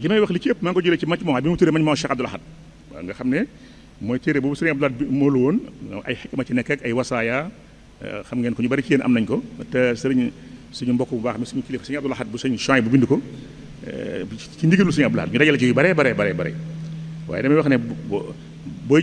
li may wax li ci ëpp ko jëlee ci majmuu bi mu tuddee majmuu Cheikh Abdoul Ahad waaw nga xam ne mooy téere boobu sëriñ Abdoul Ahad bi moo lu woon ay xikma ci nekk ak ay wasaaya euh, xam ngeen ko ñu bari ci yéen am nañ ko te sëriñ suñu mbokk bu baax mi suñu kilifa sëriñ Abdoul Ahad bu sëriñ Chouaïb bu bind ko euh, ci ndigalu sëriñ Abdoul Ahad ñu dajale ci yu bare bare bare bare waaye damay wax ne booy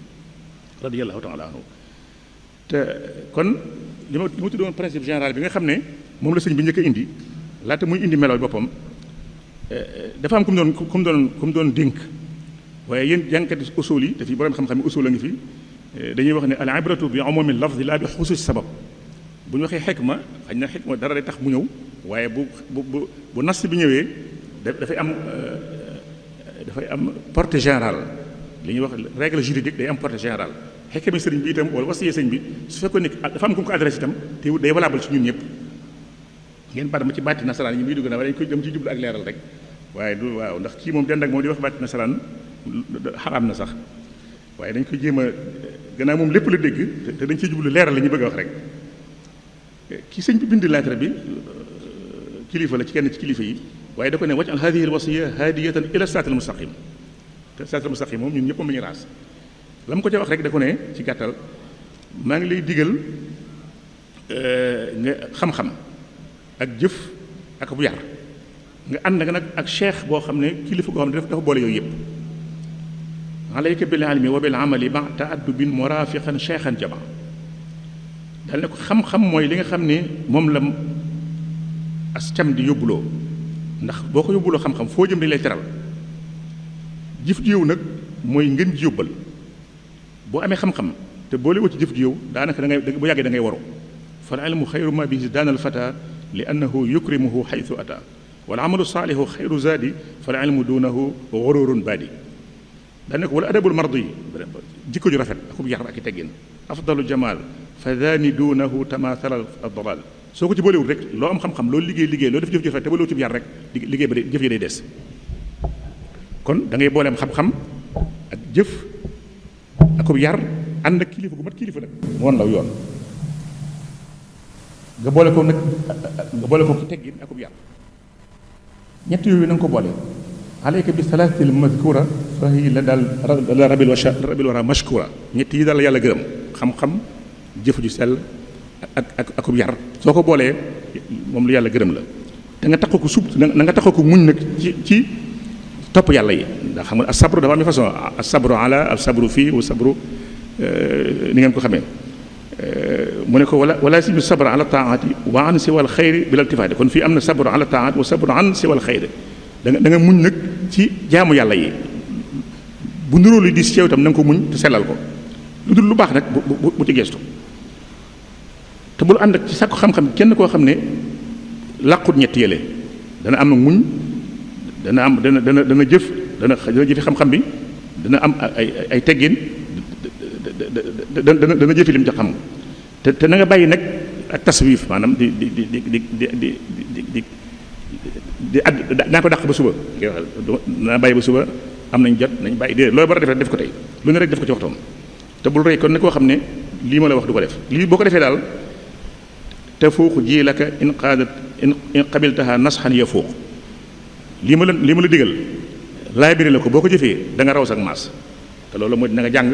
radiyallahu taala anhu te kon li ma li ma tuddoon principe général bi nga xam ne moom la sëñ bu njëkk indi laata muy indi melooy boppam eh, eh, dafa am ku mu doon ku mu doon ku mu doon dénk waaye yéen jànkati usul yi dafi borom xam-xam usul a ngi fi eh, dañuy wax ne al ibratu bi moom umumi di laa bi xusuus sabab bu ñu waxee ma xañ na xikma dara day tax mu ñëw waaye bu bu bu bu nas bi ñëwee dafay am dafay am porte générale li ñuy wax règle juridique day am portée générale xekkee mi sëriñ bi itam wala wasiyee sëriñ bi su fekkoon ne dafa am ku mu ko adressé itam te day valable ci ñun ñëpp ngeen baat ma ci baati nasaraan yi muy dugg na wala ko dem ci jublu ak leeral rek waaye du waaw ndax kii moom dend ak moom di wax baati nasaraan xaraam na sax waaye dañ ko jéem a gannaaw moom lépp la dégg te dañ ciy jublu leeral la ñu bëgg a wax rek ki sëñ bi bind lettre bi kilifa la ci kenn ci kilifa yi waaye da ko ne wacc al hadihi al wasiya hadiyatan ila siraatil mustaqim te siraatal mustaqim moom ñun ñëpp mu ñu ras lam ko ci wax rek da ko ne ci gàttal ma ngi lay diggal euh nga xam-xam ak jëf ak bu yar nga ànd nga nag ak cheikh bo xamne ne kilifa goo xam dafa dafa bolé yoy yëpp alayka bil almi wa bil amali ba bin murafiqan shaykhan jama dal ne ko xam-xam moy li nga xamne mom moom la as cam di yóbbuloo ndax boko ko xam xam-xam fo jëm di lay teral jëf jiw nag mooy ngeen ji yóbbal boo amee xam-xam te boole woo ci jëf jiw daanaka da ngay bu yàggee da ngay waru fal ilmu xayru ma bihi daana al fata li annahu yukrimuhu xaytu ata wal amalu saalihu xayru zaadi fal ilmu duunahu xururun baadi daanaka wala adabul mardi jikko ju rafet akub yar ak i teggin afdalu jamal fa daani duunahu tamaathala ad-dalal soo ko ci boolewul rek loo am xam-xam loo liggéey liggéey loo def jëf ji rafet te boolewul ci yar rek liggéey ba day jëf ji day dess kon da ngay booleem xam-xam ak jëf akub yar ànd ak kilifa gu mat kilifa nag woon law yoon nga boole ko nag nga boole ko ki teggin akub yar ñett yooyu na ko boole aleyka bi salaatil mazkura fa hiya la daal la rabil wa rabil wara mashkura ñett yi daal yàlla gërëm xam-xam jëf ju sel ak akub yar soo ko boolee moom lu yàlla gërëm la te nga tax ko sub na nga ko muñ nag ci ci top yàlla yi ndax xam nga as sabru dafa am façon as sabru ala as sabru fii wa sabru ni ngeen ko xamee mu ne ko wala wala si bi sabru ala taati wa an si wal khair bil tifaade kon fi amna na sabru ala taati wa sabru an si wal khair da nga da nga muñ nak ci jaamu yàlla yi bu nuroo li di ci itam na nga ko muñ te selal ko lu dul lu bax nak bu ci gesto te bul ànd ak ci sàkku xam-xam kenn ko xamne làqut ñet yële dana am muñ dana am dana dana dana jëf dana dana jëfi xam-xam bi dana am ay ay teggin dana dana jëfi lim ca xam te te na bàyyi nag ak taswif maanaam di di di di di di naa ko dàq ba suba ngay wax naa bàyyi ba suba am nañ jot nañ bàyyi déedéet loolu war a defee def ko tey lu ne rek def ko ci waxtoom te bul rey kon ne koo xam ne lii ma la wax du ko def lii boo ko defee daal te fuuq jii laka in qaadat in qabiltaha nasxan ya fuuq lii ma la lii ma la digal laay biri la ko boo ko jëfee danga nga raw sax maas te loolu mooy na jàng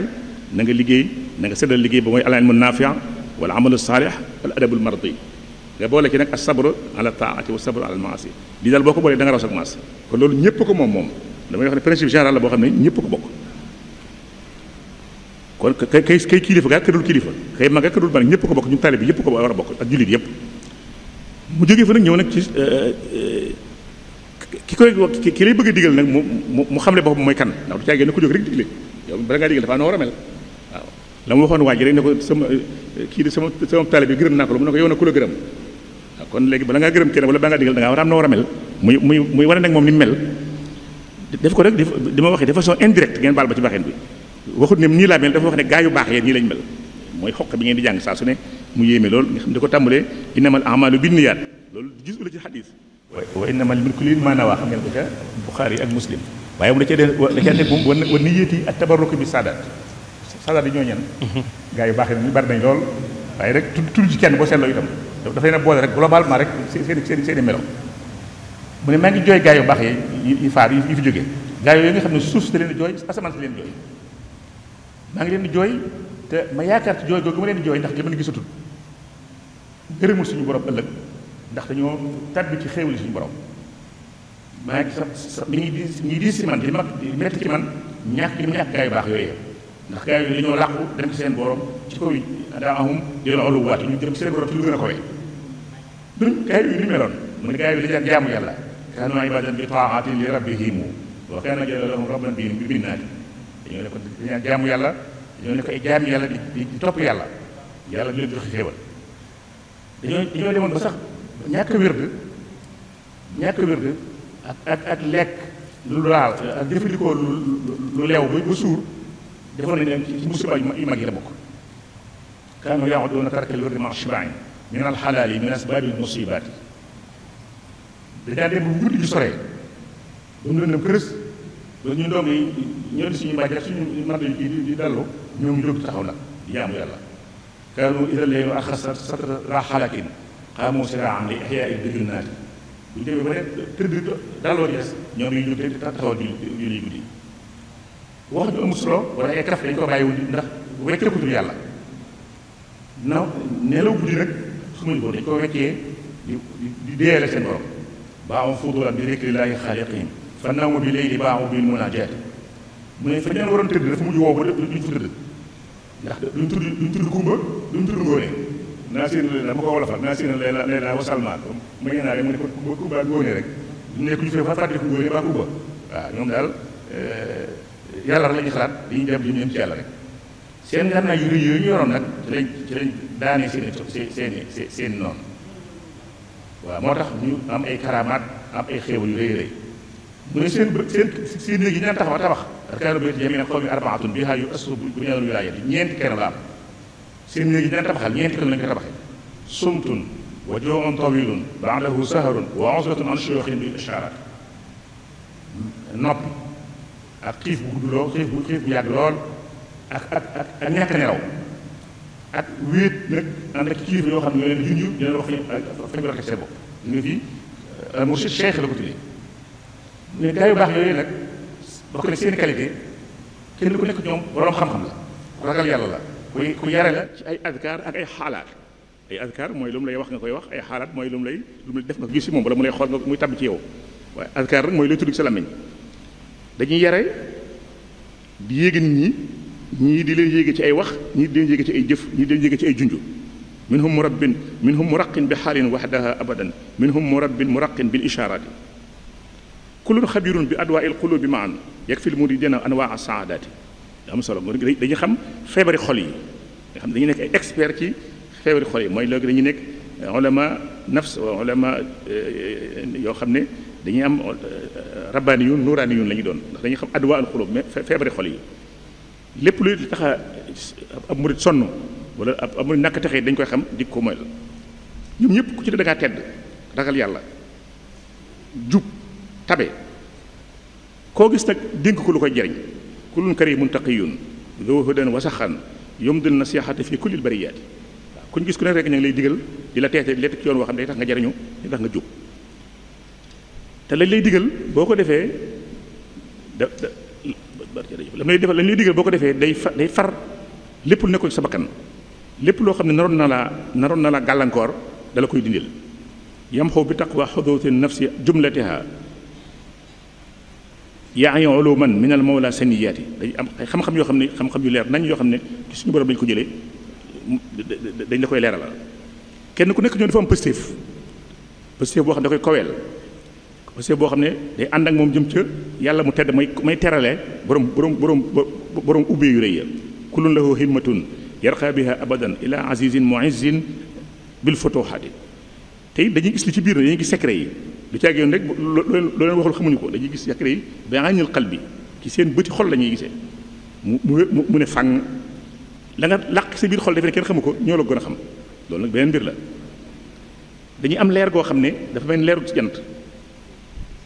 na nga liggéey na nga séddal liggéey ba mooy al ilmu nafia wala amalu saalih wala adabul mardi nga boole ci nag as sabru ala taati wa sabru ala al maasi lii daal boo ko boolee da nga raw sax maas kon loolu ñëpp ko moom moom damay wax ne principe général la boo xam ne ñëpp ko bokk kon kay kay kay kilifa gaa këdul kilifa kay mag gaa këdul mag ñëpp ko bokk ñu taalib bi ñëpp ko war a bokk ak jullit yëpp mu jógee fa nag ñëw nag euh, euh, ki koy ki lay bëgg a digal nag mu mu xam ne boppam mooy kan ndax du caa génn ku jóg rek digle yow bala ngaa digal dafa am na war a mel waaw la mu waxoon waa ji rek ne ko sama kii di sama sama taalibe bi gërëm naa ko la mu ne ko yow na ku kon léegi bala ngaa gërëm kenn wala bala ngaa digal da ngaa war a a mel muy muy nag moom ni mu mel def ko rek di ma waxee de façon indirecte ngeen baal ba ci baxeen bi waxut ne nii laa mel dafa wax ne gaa yu baax yéen nii lañ mel mooy xoq bi ngeen di jàng saa su ne mu yéeme loolu nga xam di ko tàmbalee innamal amalu binniyaat wa innama al mulku liman maanaa waa xam ngeen ko ca Buxaari yi ak Muslim waaye moom da cee de da cee teg moom wa niyyati ak tabarruki bi saadaat saadaat yi ñoo ñan gaa yu baax yi bari nañ lool waaye rek tudd tudd ci kenn boo seetloo itam dafay na boole rek globalement rek seen seen seen i melo mu ne maa ngi jooy gaa yu baax yi yi faar yi fi jógee gaa yooyu nga xam ne suuf si da leen jooy asamaan si leen jooy maa ngi leen di jooy te ma yaakaar ci jooy googu ma leen di jooy ndax li ma leen gisatul gërëmul suñu borom ëllëg ndax dañoo tàbbi ci xéewali suñu borom maa ngi sax sax mi ngi diis mi ngi diis si man di mag di métti ci man ñàkk di mu ñàkk gaa baax yooyee ndax gaa yooyu dañoo làqu dem ci seen borom ci kaw yi a olu waat ñu jëm seen borom ci lu gën a kowe duñ gaa yooyu ñu meloon mu ne gaa yooyu dañu daan jaamu yàlla kaanu ibadan bi taatin li rabbihim wa kaana jalla lahum rabban bihim bi binnaati dañoo nekkoon dañu daan jaamu yàlla dañoo yàlla di di topp yàlla yàlla di leen joxe xéewal dañoo dañoo demoon ba sax ñàkk wird ñàkk wird ak ak ak lekk lu laaw ak jëfandikoo lu lu leew ba ba suur defoon nañ leen ci musiba yu mag yi la bokk kaanu yaaxuduuna tarkal wirdi ma shibaain min al xalaali min asbaabi al musibaati dañaa dem bu guddi ju soree ba mu lëndëm kërës ba ñu doom yi ñoo di suñu mbàjj suñu mand yi kii di dallu ñoom ñu jóg taxaw nag di jaamu yàlla kaanu idal leenu ak xasar satra laa xalakin xaamoo siraam li axyaa il bi naati bu ñu ba nekk tëdd daloo des ñoom yi ñu tëdd taxaw di guddi wax ñu amul solo wala ay kaf dañ ko bàyyiwul ndax weccee ko tur yàlla na nelaw guddi nag xamuñ ko dañ ko weccee di di deele seen borom baaxum fudulan bi dikrillaahi xaaliqihim fa nawmu bi layli baaxum bil munaajaat mu fa ñeen waroon tëdd dafa mujj woo ba duñ tëdd ndax duñ tudd duñ tudd kumba tudd ngóone naasir la dama ko wolofal naasir la lay laa wasalmaan mu ngeen naa rek mu ne ko kubba ak góone rek ne ku ñu fee fa fàttali ko góone baa eh, yàlla rek la ñuy xalaat dañuy dem li ñu dem ci yàlla seen yoroon nag ci lañ daanee seen i seen i seen noonu waaw moo tax ñu am ay karamaat am ay xéewal yu rëy rëy mu ne seen bë seen seen néeg yi ñu daan taxaw tabax arkaanu bayti jamii'an qawmi arbaatun bihaa yu assu bu ñaanul wilaayati ñeenti kenn la سن نجدنا تبخل نين تكون لنك ربحي سمت وجوع طويل بعده سهر وعزرة عن شيوخ بالإشارات نبي أكيف بقدلو كيف كيف بيعدلو أك أك أك أني أكنيرو أك ويت نك عندك كيف يروح من يوم يوم يوم يروح في في بركة سبب نفي المرشد شيخ اللي قلت لي نتاعي بحر لك بكل سين كاليتي كل كل كل يوم ورم خم خم لا رجال يلا لا ku ku yare la ci ay adkaar ak ay xaalaat ay adkaar mooy lu mu lay wax nga koy wax ay xaalaat mooy lu mu lay lu mu def nga gis si moom wala mu lay xool nga muy tabb ci yow waaye adkaar rek mooy lay tudd sa lamiñ dañuy yare di yéegi nit ñi ñii di leen yéegi ci ay wax ñii di leen yéegi ci ay jëf ñii di leen yéegi ci ay junju منهم مرب منهم مرق بحال وحدها أبدا منهم مرب مرق بالإشارات كل خبير بأدواء القلوب معا يكفي المريدين أنواع السعادات am solo mooy dañuy xam feebari xol yi nga xam dañuy nekk ay expert ci feebari xol yi mooy léegi dañu nekk ulama nafs wa ulama euh, yoo xam ne dañuy am euh, rabbaani yun nuuraani yun la ñu doon ndax dañuy xam adwa al xulub mais feebari xol yi lépp luy tax a ab murit sonn wala ab murit nakk texee dañ koy xam dik ko mooy la ñoom ñëpp ku ci ne da ngaa tedd ragal yàlla jub tabe koo gis nag dénk ko lu koy jariñ yi kullun karimun taqiyun doo hudan wa saxan na nasihati fi kullil bariyaati waaw kuñ gis ku ne rek ñu ngi lay digal di la teete di la ci yoon woo xam ne day tax nga jariñu day tax nga jóg te lañ lay digal boo ko defee da da defal lañ boo ko defee day fa far lépp lu nekkoon sa bakkan lépp loo xam ne naroon na laa naroon na laa gàllankoor dala koy dindil yam xaw bi taqwa xuduuti nafsi jumlatiha yaa ngi wolo man minal mawla saniyaati dañ am ay xam-xam yoo xam ne xam-xam yu leer nañ yoo xam ne ci suñu borom lañ ko jëlee dañ la koy leeralal kenn ku nekk ñoom dafa am positif positif boo xam ne da koy koweel positif boo xam ne day ànd ak moom jëm ca yàlla mu tedd may may terale borom borom borom borom ubbee yu rëy ya kullun lahu himmatun yarqa biha abadan ila azizin muizzin bil futuhati te it dañuy gis li ci biir na dañuy gis secret yi du caag yoon rek loo leen waxul xamuñu ko dañuy gis yàkkare yi ba àññil xal bi ci seen bëti xol la ñuy gisee mu mu ne fàng la nga làq sa biir xol defe ne kenn xamu ko ñoo la gën a xam loolu nag beneen mbir la dañuy am leer goo xam ne dafa mel leeru ci jant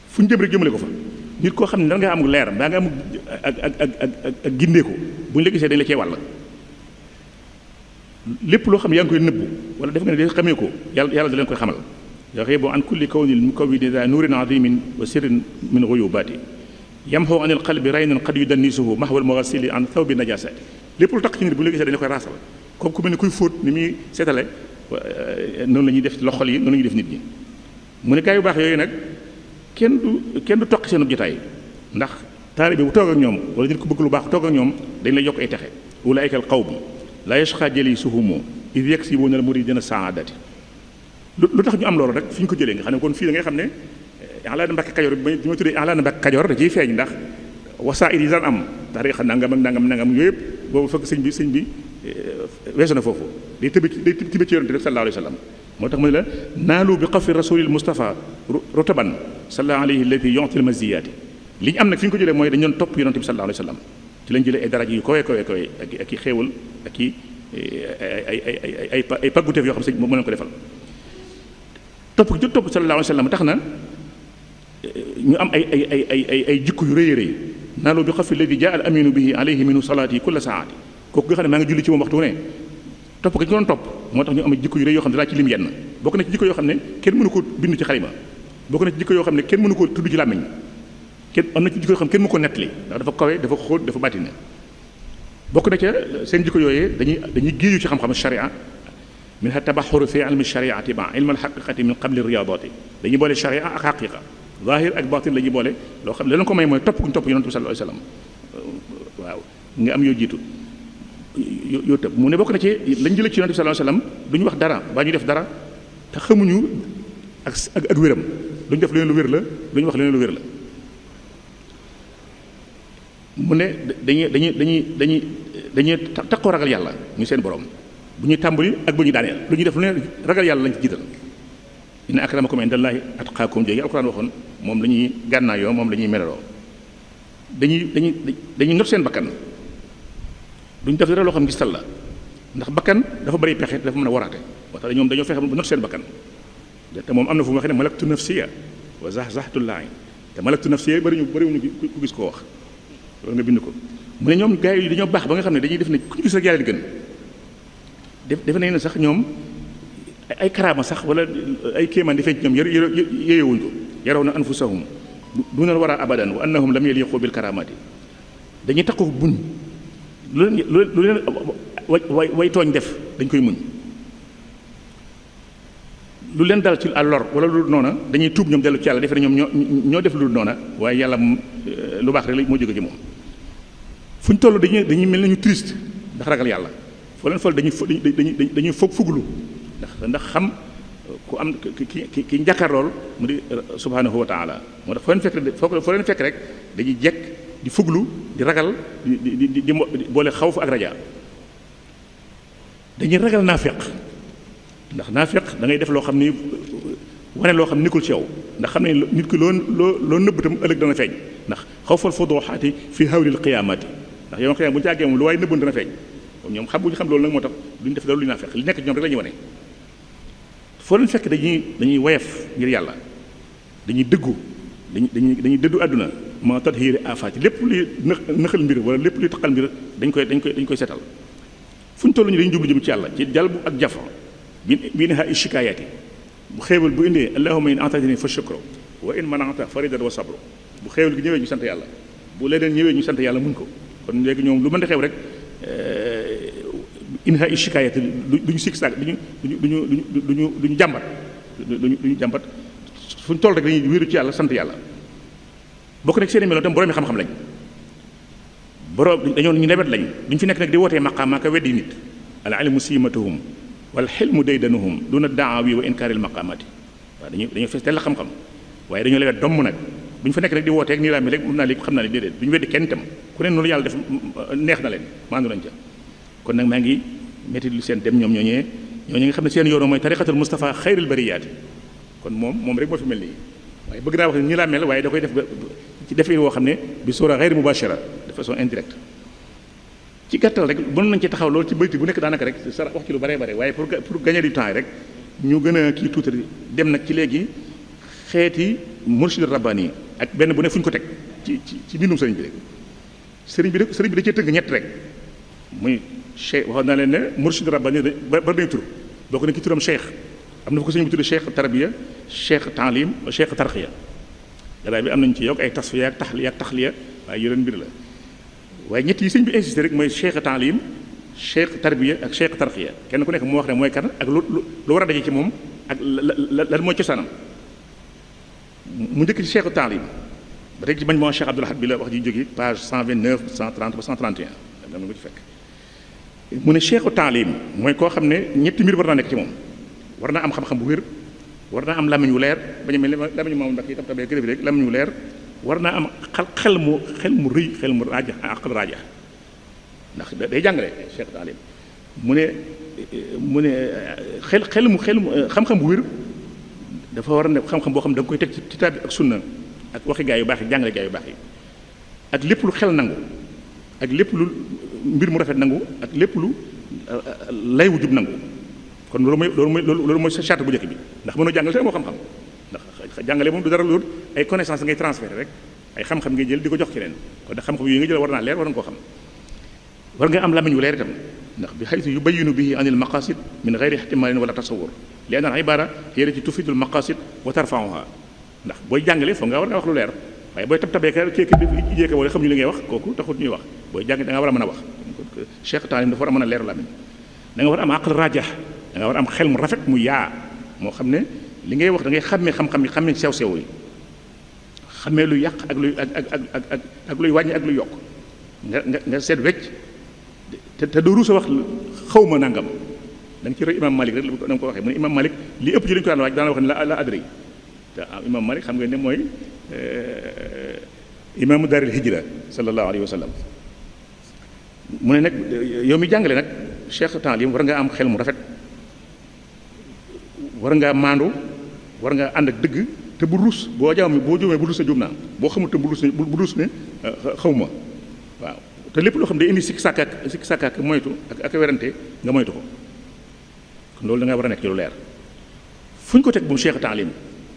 fu ñu jëm rek ko fa nit koo xam ne da ngaa amul leer daa nga amul ak ak ak ak ak bu ñu la gisee dañ la cee wàll lépp loo xam ne yaa ngi koy nëbbu wala def nga ne de xamee ko yàlla yàlla da koy xamal يغيب عن كل كون المكون ذا نور عظيم وسر من غيوباته يمحو عن القلب رين قد يدنسه محو المغسل عن ثوب النجاسات lépp lu takk ci nit bu ñu gisee dañu koy raasal comme ku mel ni kuy fóot ni muy seetale noonu la ñuy def loxol yi noonu la ñuy def nit ñi mu ne gaa yu baax yooyu nag kenn du kenn du toq seen jotaay ndax taalibe bu toog ak ñoom wala nit ku bëgg lu baax toog ak ñoom dañ lay yokk ay texe ulaayka al qawm la yashqa jalisuhum id yaksibuuna al muridina saadati lu tax ñu am loolu rek fi ñu ko jëlee nga xam ne kon fii da ngay ne Ixlaanu Mbàkke Kajoor bi ma tuddee Ixlaanu Mbàkke Kajoor da ciy feeñ ndax wasaa'id yi daan am tariixa nangam ak nangam nangam yooyu yëpp boobu fekk sëñ bi sëñ bi weesu na foofu day tëbi day tëbi ci yonente rek sallallahu alayhi wa sallam moo tax mu la naalu bi xafi rasulil Mustafa rotaban sallallahu alayhi allati yontil maziyaati li ñu am nag fi ñu ko jëlee mooy dañu doon topp yonente bi sallallahu alayhi wa sallam ci lañ jëlee ay daraja yu kawee kawee kawee ak i xéewal ak i ay ay ay ay pagguteef yoo xam sëñ moom leen ko defal topp ci topp sallallahu alayhi wa sallam tax na ñu am ay ay ay ay ay ay jikko yu rëy rëy naaloo bi xafi ladi jaa al aminu bihi alayhi minu salaati kulla saati kooku nga xam ne maa ngi julli ci moom waxtu ne topp ko ci doon topp moo tax ñu am ay jikko yu rëy yoo xam ne dinaa ci lim yenn bokk na ci jikko yoo xam ne kenn mënu ko bind ci xalima bokk na ci jikko yoo xam ne kenn mënu ko tudd ci làmmiñ kenn am na ci jikko yoo xam ne kenn mënu ko nettali ndax dafa kawe dafa xóot dafa bàttine bokk na ca seen jikko yooyee dañuy dañuy géeju ci xam-xam sharia منها التبحر في علم الشريعة تبع علم الحقيقة من قبل الرياضات لن يبولي شريعة حقيقة ظاهر أك باطل لن يبولي لو خم لنكم أي مهم تبقى تبقى ينطب صلى الله عليه وسلم نعم يوجد يوتب مو نبقى نتي لن يجلق ينطب صلى الله عليه وسلم دون يوخ دارا بان يدف دارا تخمني أك أك ويرم دون يدف لين الوير لا دون يوخ لين الوير لا مو ن دني دني دني دني دني تكرر على الله مسند برام bu ñu tàmbali ak bu ñu daaneel lu ñuy def lu ne ragal yàlla lañ ci jiital inna akramakum indallahi atqaakum jooju alquran waxoon moom la ñuy gànnaayoo moom la ñuy melaloo dañuy dañuy dañuy not seen bakkan duñ def dara loo xam ngistal la ndax bakkan dafa bëri pexe dafa mën a waraate wax tax ñoom dañoo fexe ba not seen bakkan te moom am na fu mu waxee ne malaktu nafsiya wa zahzahtu laay te malaktu nafsiya bëriñu bëriwuñu ku gis koo wax loolu nga bind ko mu ne ñoom gars yi dañoo baax ba nga xam ne dañuy def ne ku ñu def defe nañ ne sax ñoom ay karaama sax wala ay kéemaan di feeñ ci ñoom yë yëyewuñ ko yaraw na anfusahum dunal war a abadan wa annahum lam yaliqu bil karamati dañuy takku buñ lu leen lu leen way way tooñ def dañ koy muñ lu leen dal ci à lor wala lu noona dañuy tuub ñoom dellu ci yàlla defe ne ñoom ñoo ñoo def lu noona waaye yàlla eh, lu baax rek moo jóge ci moom fu ñu toll dañuy dañuy mel nañu triste ndax ragal yàlla foo leen fal dañuy dañuy dañuy foog fuglu ndax ndax xam uh, ku am ki ki ki njàkkaar lool mu di uh, subhanahu wa moo tax foo leen fekk foo fekk rek dañuy jekk di fuglu di ragal di di di di boole xawf ak raja dañuy ragal naafeq ndax naafeq da ngay def loo xam ni uh, wane loo xam nikul ci yow ndax xam ne nit ki loo loo loo nëbb tam ëllëg dana feeñ ndax xawfal fudooxaati fi hawlil qiyaamati ndax yow qiyaam bu ñu càggee moom lu waaye nëbboon dana feeñ ñoom xam bu ñu xam loolu nag moo tax duñ def dara lu ñu naa fekk li nekk ñoom rek la wane foo leen fekk dañuy dañuy woyef ngir yàlla dañuy dëggu dañuy dañuy dañuy dëddu àdduna ma tat yére afaati lépp luy nëxal mbir wala lépp luy taqal mbir dañ koy dañ koy dañ koy seetal fu ñu toll ñu dañuy jublu jëm ci yàlla ci jàll bu ak jafo bi bi nexa i shikaayaati bu xéewal bu indee allahumma in atatini fa shukru wa in manata faridat wa sabru bu xéewal gi ñëwee ñu sant yàlla bu leneen ñëwee ñu sant yàlla mun ko kon léegi ñoom lu mën di rek Euh, inha i shikaayati duñu sikk sag ñu duñu duñu duñu duñu jàmbat duñu duñu jàmbat suñ toll rek dañuy wéeru ci yàlla sant yàlla bokk nag seen i meloon tam borom yi xam-xam lañ borom dañoo ñu lewet lañ duñ fi nekk nag di wootee maqaama ka weddi nit al ilmu siimatuhum wal xilmu daydanuhum duna daawi wa inkaaril maqaamaati waaw dañuy dañoo fees teel la xam-xam waaye dañoo lewet domm nag bu ñu fa nekk rek di wooteeg nii laa mel rek mën naa léegi xam naa ne déedéet ñu weddi kenn itam ku ne noonu yàlla def euh, neex na leen maandu nañ ca kon nag maa ngi métti lu seen dem ñoom ñooñee ñooñu nga xam ne seen yoonoo mooy tariqatul Mustafa xayril bariyaati kon moom moom rek moo fi mel nii waaye bëgg naa wax ne nii laa mel waaye da koy def ci defee woo xam ne bi sóora xayri mubashara de façon indirecte ci gàttal rek mën nañ ci taxaw loolu ci bayti bu nekk daanaka rek sara wax ci lu baree bare waaye pour pour gagner du temps rek ñu gën a kii tuuti dem nag ci léegi xeeti murshid rabbani ak benn bu ne fu ñu ko teg ci ci ci bindum sëriñ bi rek sëriñ bi rek sëriñ bi da cee tënk ñett rek muy cheikh waxoon naa leen ne mursid rabbani ba dañu tur bokk na ci turam cheikh am na fa ko sëriñ bi tudd cheikh tarbiya cheikh taalim cheikh tarxiya gadaay bi am nañu ci yokk ay tasfiya ak taxliya ak taxliya waaye yeneen mbir la waaye ñett yi sëriñ bi insisté rek mooy cheikh taalim cheikh tarbiya ak cheikh tarxiya kenn ku nekk moo wax ne mooy kan ak lu lu war a daje ci moom ak la la la lan mooy cosaanam mu dëkk ci cheikh talib ba rek ci bañ mo cheikh abdou ahad bi la wax ji joggi page 129 130 ba 131 dama ngi fekk mu ne cheikh talib mooy koo xam ne mbir war naa nekk ci moom war naa am xam-xam bu wér war naa am lamiñ leer bañu mel lamiñu mom ndax itam tabe kërëfi rek lamiñu leer war naa am xel xel mu xel mu reuy xel mu raja aqal raja ndax day jàngale cheikh talib mu ne mu ne xel xel mu xel xam-xam bu wér dafa war a ne xam-xam boo xam da nga koy teg ci kitaab bi ak sunna ak waxi gaa yu baax yi jàngale gaa yu baax yi ak lépp lu xel nangu ak lépp lu mbir mu rafet nangu ak lépp lu euh, lay wu jub nangu kon loolu mooy loolu mooy loolu mooy sa charte bu njëkk bi ndax mënoo jàngale te moo xam-xam ndax jàngale moom du dara loolu ay connaissance ngay transférer rek ay xam-xam ngay jël di ko jox keneen kon nag xam-xam yooyu nga jël war naa leer war nga koo xam war nga am lamiñ wu leer itam ndax bi xaytu yubayinu bihi an almaqasid min gayri ihtimalin wala tasawur li an alibara hiya lati tufidu almaqasid wa tarfauha ndax booy jàngale foog nga war nga wax lu leer waaye booy tab-tabee ka keeki ijee ka wala xamuñu li ngay wax kooku taxut ñuy wax booy jàng da nga war a mën a wax cheikh taalim dafa war a mën a leer lamin da nga war a am aql raja da nga war a am xel mu rafet mu yaa moo xam ne li ngay wax da ngay xàmmee xam-xam yi xàmmee sew sew yi xàmmee lu yàq ak luy ak ak ak ak luy wàññi ak luy yokk nga nga nga seet wecc te te doo rusa wax xaw ma nangam da ci roy imam malik rek la nga ko waxee mu ne imam malik li ëpp ci li ñu ko daan waaj daana wax ne la la adri te ah, imam malik xam nga ne mooy eh, imaamu daaril hijra sallallahu alayhi wa sallam mu ne nag yow mi jàngale nag cheikh taalim war ngaa am xel mu rafet war ngaa maandu war ngaa ànd ak dëgg te bu ruus boo jaam boo jóomee bu ruus ne juum naa boo xamul te bu ruus ne bu eh, ma waaw te lépp loo xam ne day indi sikki sàkk ak sikki sàkk ak moytu ak ak werante nga moytu ko kon loolu da nga war a nekk ci leer fu ñu ko teg bu mu cheikh taalim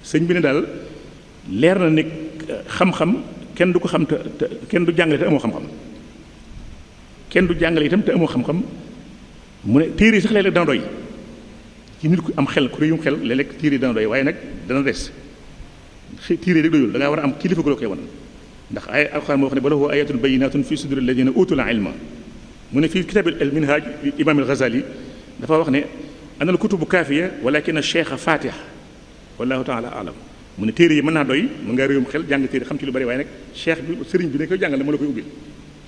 sëñ bi ne daal leer na ne eh, xam-xam kenn du ko xam te kenn du jàngale te amoo xam-xam kenn du te amoo xam mu ne téere sax léeg-léeg dana doy ci nit ku am xel ku réyum xel léeg lekk tiiri dana doy waaye nag dana des téere rek doyul da ngaa war a am kilifa gu la koy wan ndax ay alquran mo wax bala huwa ayatun bayyinatun fi sudur alladhina utul ilma mun fi kitab al minhaj imam al ghazali dafa wax ne ana al kutubu kafiya walakin cheikh fatih wallahu taala alam mun tere yi man na doy mën nga réewum xel jàng tere xam ci lu bari way nak cheikh bi serigne bi ne ko jàngal moo la koy ubil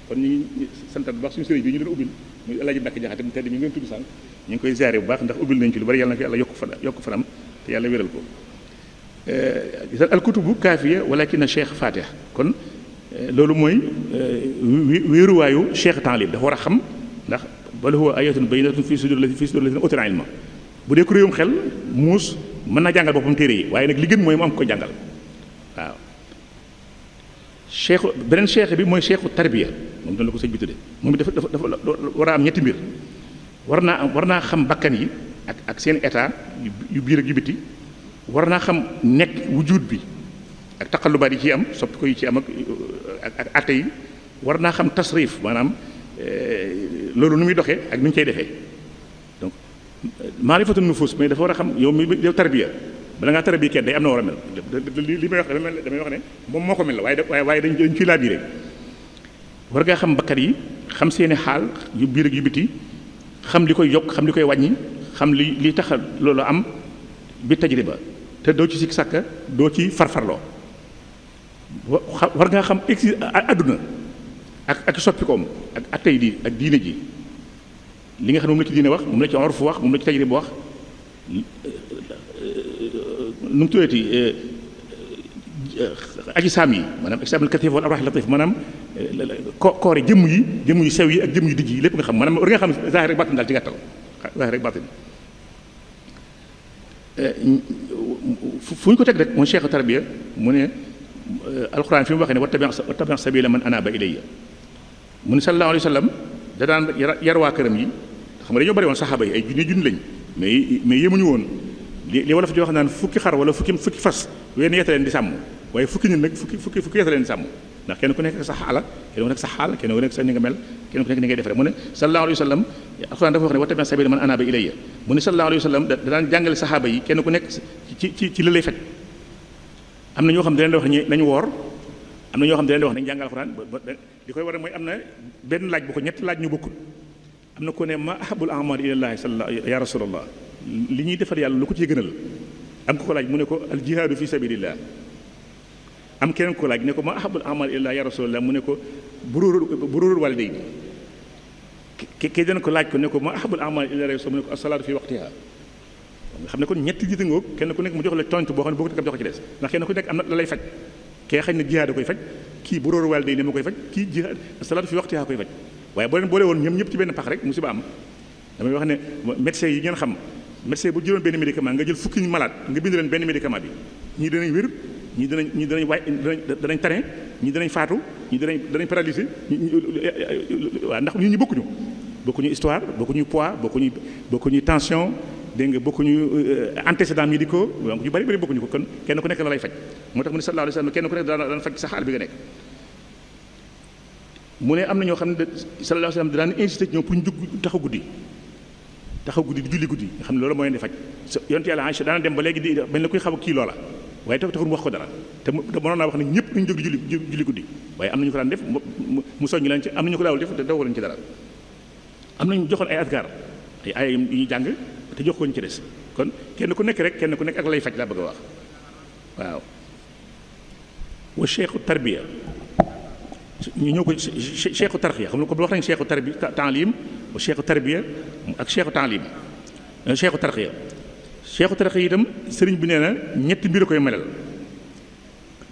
kon ni sante bu baax suñu serigne bi ñu doon ubbil muy alaaji bakk jaxate mu tedd ñu ngi tuddu sànq ñu ngi koy ziare bu baax ndax ubil nañ ci lu bari yàlla nak ko yàlla yokk fan fa ram te yàlla wéral ko al kutubu kafiya walakin al shaykh fatih kon loolu mooy euh, wéeruwaayu cheikh taalib dafa war a xam ndax bal huwa ayatun bayyinatun fii sudur la fii sudur la utul ilma bu dee ku réewum xel muus mën naa jàngal boppam téere yi waaye nag li gën mooy mu am ko jàngal waaw cheikh beneen cheikh bi mooy cheikhu tarbiya moom dina ko sëñ bi tudde moom dafa dafa dafa war a am ñetti mbir war naa am war naa xam bakkan yi ak ak seen état yu biir ak yu war naa xam nekk wujud bi ak taqallubaat yi ci am soppi ko yi ci am ak ak atte yi war naa xam tasrif maanaam eh, loolu nu muy doxee ak nu ñu koy defee donc maarifatu foos mais dafa war a xam yow mi yow tarbiya bala ngaa tarbiya kenn day am na war a mel li may wax damay wax ne moom moo ko mel la waaye waaye dañ dañ ciy laabiré war ngaa xam bakkat yi xam seeni xaal yu biir ak yu biti xam li koy yokk xam li koy wàññi xam li li tax loolu am bi tajriba te doo ci sikk sàkka doo ci farfarloo war nga xam exi aduna ak ak soppi ak ak atay di ak diine ji li nga xam mom la ci diine wax mom la ci orfu wax mom la ci tajrib wax num mu tuddati aji sami manam maanaam aji katif wal arwah latif manam koori jëm yi jëm yu sew yi ak jëm yu dij yi lépp nga xam manam war nga xam zahir ak batin dal ci gàttal zahir ak batin fu ñu ko tek rek mon cheikh tarbiya mu ne alquran fi mu waxee ne wattabi sabila man anaba ilayya mu ne sallallahu alayhi wa sallam da daan yar waa këram yi xam nga dañoo bari woon saxaaba yi ay junni junni lañ mais mais yemuñu woon li li wala fa di wax naan fukki xar wala fukki fukki fas wenn yeta leen di sàmm waaye fukki ñun nag fukki fukki fukki yeta leen di sàmm ndax kenn ku nekk sa xaala kenn ku nekk sa xaal kenn ku nekk sa ni nga mel kenn ku nekk ni ngay defare mu ne sallallahu alayhi wa sallam alquran dafa wax ne wattabi sabila man anaba ilayya mu ne sallallahu alayhi wa sallam da daan jàngale saxaaba yi kenn ku nekk ci ci ci li lay faj amna ñoo xam dañ la wax ni nañ wor amna ñoo xam dañ la wax nañu jàng alxuraan di koy waral moy amna ben laaj bu ko ñetti laaj ñu bokku amna ko ne ma ahbul amal ila ilallahi sala ya rasulallah li ñi defal yàlla lu ko ci gënal am ko ko laaj mu ne ko al jihad fi sabilillah am keneen ko laaj ne ko ma ahbul amal ila ya rasulallah mu ne ko burur burur walidi ke ke dana ko laaj ko ne ko ma ahbul amal ila ilallahi mu ne ko as-salatu fi waqtiha xam ne kon ñetti jiite ngoog kenn ku nekk mu jox la tontu boo xam ne boo ko jox ci des ndax kenn ku nekk am na la lay faj kee xëy na jihaad da koy faj kii bu róoru walde day ne ma koy faj kii jihaad salatu fi ha koy faj waaye boo leen boole woon ñoom ñëpp ci benn pax rek musiba am damay wax ne médecin yi ngeen xam médecin bu jëloon benn médicament nga jël fukki ñu malade nga bind leen benn médicament bi ñii danañ wér ñi danañ ñi danañ waay danañ tane ñii danañ faatu ñii danañ danañ paralysé waaw ndax ñu ñu bokkuñu bokkuñu histoire bokkuñu poids bokkuñu bokkuñu tension dégg nga bokkuñu euh, antécédent médicaux donc ñu bari bari bokkuñu ko kon kenn ku nekk la lay faj moo tax mu ne sallallahu alayhi wasallam kenn ku nekk daan daan mu ne am na ñoo xam ne sallallahu alayhi wasallam daan insisté ñoom pour ñu dugg taxaw guddi taxaw guddi di julli guddi xam loolu moo leen faj yonte yàlla Aïcha daana dem ba léegi di mel na kuy xaw a kii loola waaye tax taxul mu wax ko dara te mënoon naa wax ne ñëpp duñu jóg di julli julli guddi waaye am na ko daan def mu soññu leen ci am na ko daawul def te dawul leen ci nañu joxoon ay adkaar ay ay yu ñu jàng te jox ko ñu ci des kon kenn ku nekk rek kenn ku nekk ak lay faj laa bëgg a wax waaw wa cheikhu tarbiya ñu ñëw ko cheikhu tarxiya xam nga ko wax nañ cheikhu tarbi taalim wa cheikhu tarbiya ak cheikhu taalim cheikhu tarxiya cheikhu tarxiya itam sëriñ bi nee na ñetti mbir koy melal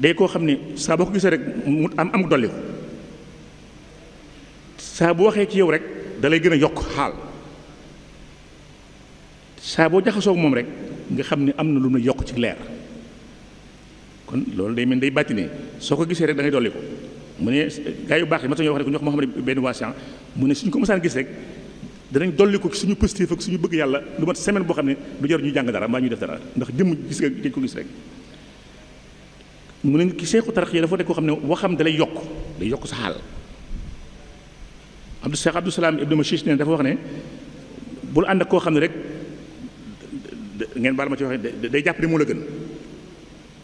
day koo xam ne saa boo ko gisee rek mu am am dolli ko saa bu waxee ci yow rek da lay gën a yokk xaal saa boo jaxasoog moom rek nga xam ne am na lu mu yokk ci leer kon loolu day mel day bàttine soo ko gisee rek da ngay dolli ko mu ne gaa yu baax yi ma tax ñu wax ne ko ñu wax Mouhamed benn waasian mu gis rek danañ dolli suñu positif ak suñu bëgg yàlla lu mat semaine boo xam ne du jar ñu jàng dara mbaa ñu def dara ndax jëmm gis nga ko gis rek mu ne ki seexu tarax yi dafa koo xam ne waxam dalay yokk day yokk sa xaal Abdou Cheikh Abdou Salam Ibn dafa wax ne bul ànd ak koo xam ne rek ngeen baal ma ci waxee day jàpp ne moo la gën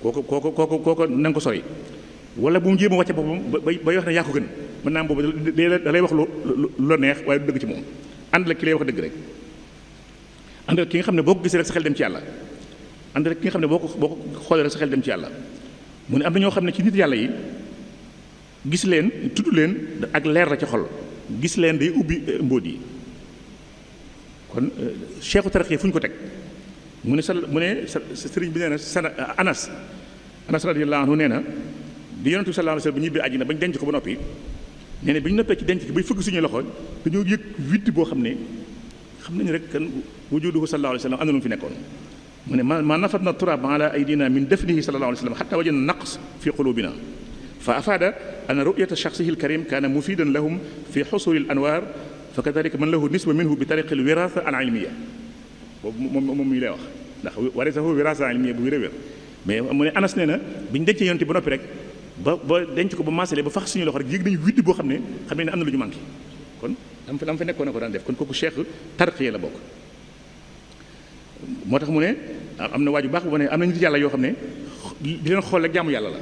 kooku koo kooku kooku na nga ko sori wala bu mu jéem a wàcce boppam ba bay wax ne yaa ko gën mën naa boobu da lay wax lu lu neex waaye du dëgg ci moom ànd la ki lay wax dëgg rek ànd la ki nga xam ne boo ko gisee rek sa xel dem ci yàlla ànd la ki nga xam ne boo ko boo xoolee rek sa xel dem ci yàlla mu ne am na ñoo xam ne ci nit yàlla yi gis leen tudd leen ak leer la ci xol gis leen day ubbi eh, mbóot yi kon cheikhu eh, fu ñu ko teg mu ne sa mu ne sëriñ bi nee na sa anas anas radiyallahu anhu nee na bi yonentu sallallahu alayhi wasallam bi ñibbi àjjana bañ denc ko ba noppi nee na bi ñu noppee ci denc ki bay fëgg suñu loxo dañoo yëg witti boo xam ne xam nañu rek kan wujuduhu sallallahu alayhi wasallam am na lu mu fi nekkoon mu ne ma nafat na turab ala aydina min dafnihi sallallahu alayhi wasallam hatta wajadna naqs fi qulubina فأفاد أن رؤية شخصه الكريم كان مفيدا لهم في حصول الأنوار فكذلك من له نسبة منه بطريق الوراثة العلمية boobu moom moom ñu lay wax ndax waree sax wiraasaal mi bu wér a wér mais mu ne anas nee na bi ñu dencee yonte ba noppi rek ba ba denc ko ba maasale ba fax suñu loxo rek yëg nañu widd boo xam ne xam ne am na lu ñu manqué kon lam fa lam fa nekkoon na ko daan def kon kooku cheikh tarqiya la bokk tax mu ne am na waaju baax bu ne am na nit yàlla yoo xam ne di leen xool rek jaamu yàlla la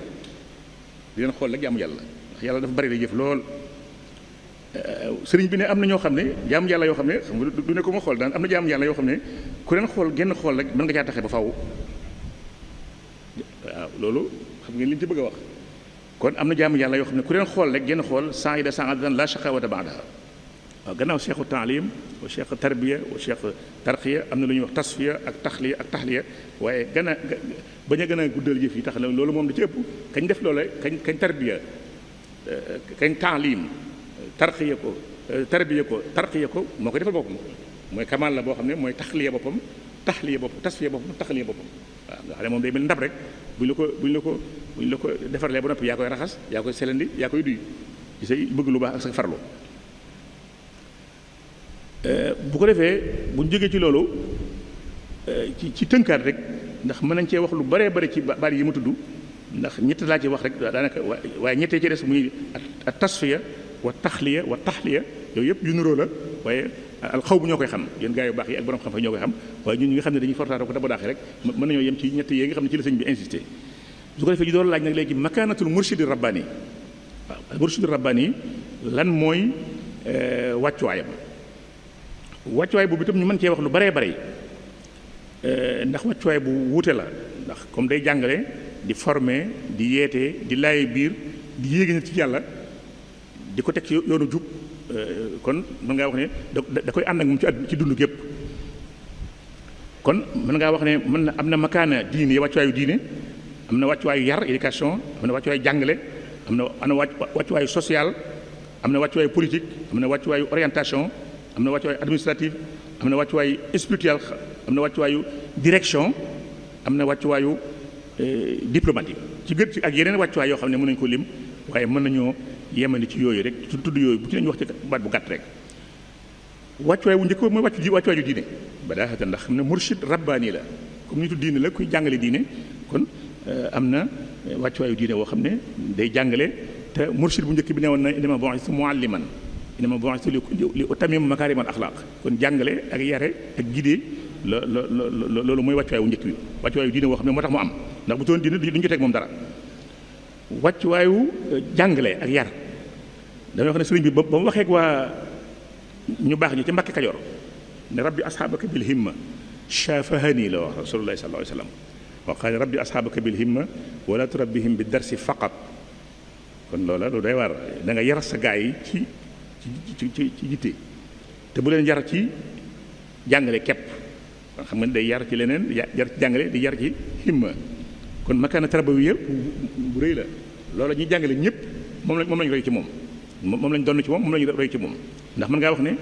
di leen xool rek jaamu yàlla la yàlla dafa bari lay jëf lool serigne bi ne amna ño xamne xam yàlla yo xamne xam nga du ne ko ma xol dan amna jam yàlla yo xamne ku len xol genn xol rek man nga caa taxe ba faaw lolu xam ngeen li ci bëgg wax kon amna jam yàlla yo xamne ku len xol rek genn xol sans yi da sans adan la shaqawata baadaha waaw gannaaw cheikhu taalim wa cheikh tarbiya wa cheikh tarqiya amna na lu ñuy wax tasfiya ak taxliya ak tahliya waye gën baña gëna guddal yef yi tax lolu mom moom ci ëpp kañ def loola kañ kañ tarbiya kañ ta'lim tarxiya ko euh, tarbiya ko tarxiya ko moo ko defal boppam mooy kamaal la boo xam ne mooy taxliya boppam taxliya boppam tasfiya boppam taxliya boppam waaw nga xam ne moom day mel ndab rek bu ñu la ko buñ la ko la ko defarlee ba noppi yaa koy raxas yaa koy selandi yaa koy duy ci say bëgg lu baax ak sa farlu euh, bu ko defee bu ñu jógee ci loolu euh, ci ci tënkaat rek ndax mën nañ cee wax lu baree bari ci baat yi mu tudd ndax ñett laa ci wax rek daanaka waaye ñettee ci des muy at tasfiya wa taxliya wa taxliya yooyu yëpp yu nuroo la waaye ah, alxaw bu ñoo koy xam yéen gaa yu baax yi ak borom xam-xam ñoo koy xam waaye ñu ñi nga xam ne dañuy fortaatoo ko dabadaaxee rek mën nañoo yem ci ñett yi nga xam ne ci la sëñ bi insisté su ko defee ñu doon laaj nag léegi makaanatul murshidi rabbani waaw murshidi rabbani lan mooy eh, wàccuwaayam wàccuwaay boobu itam ñu mën cee wax lu baree bare eh, ndax wàccuwaay bu wuute la ndax comme day jàngale di former di yeete di laaye biir di ci yàlla di ko teg ci yoonu jub kon mën ngaa wax ne da koy ànd ak moom ci dund gépp kon mën ngaa wax ne mën na am na makaana diine wàccuwaayu diine am na wàccuwaayu yar éducation am na wàccuwaayu jàngale am na am na wàccuwaayu social am na wàccuwaayu politique am na wàccuwaayu orientation am na wàccuwaayu administrative am na wàccuwaayu spirituel am na wàccuwaayu direction am na wàccuwaayu diplomatique ci gën ci ak yeneen wàccuwaay yoo xam ne mën nañ koo lim waaye mën nañoo yemani ci yooyu rek tudd yooyu bu ci nañu wax ci baat bu gàtt rek wàccuwaay wu njëkk mooy wàccu ji wàccuwaay ju diine badaaxata ndax xam ne murshid rabbaani la comme nitu diine la kuy jàngale diine kon euh, am na euh, wàccuwaayu diine woo xam ne day jàngale te murshid bu njëkk bi ne woon na innama bu'istu mualliman innama bu'istu li utammima makaarimal axlaaq kon jàngale ak yare ak gidee lo lo loolu mooy wàccuwaay wu njëkk bi wàccuwaay yu diine woo xam ne moo tax mu am ndax bu doon diine duñu joteeg moom dara wàccuwaayu euh, jàngale ak yar damay wax ne sëriñ bi ba mu waxee ak waa ñu baax ñi ci Mbàkke Kajoor ne rabbi asxaabaka bil himma shaafahani la wax rasulullah sallallahu alayhi wa rab wa qaala rabbi asxaabaka bil himma wala turabbihim bi darsi faqat kon loola lu day war da nga yar sa gaa yi ci ci ci ci jitte te bu leen yar ci jàngale képp xam nga day yar ci leneen yar ci jàngale di yar ci himma kon makaana tarbawi yëpp bu réy la loola ñuy jàngale ñëpp moom lañ moom lañ roy ci moom moom lañ donn ci moom moom lañ roy ci moom ndax mën ngaa wax ne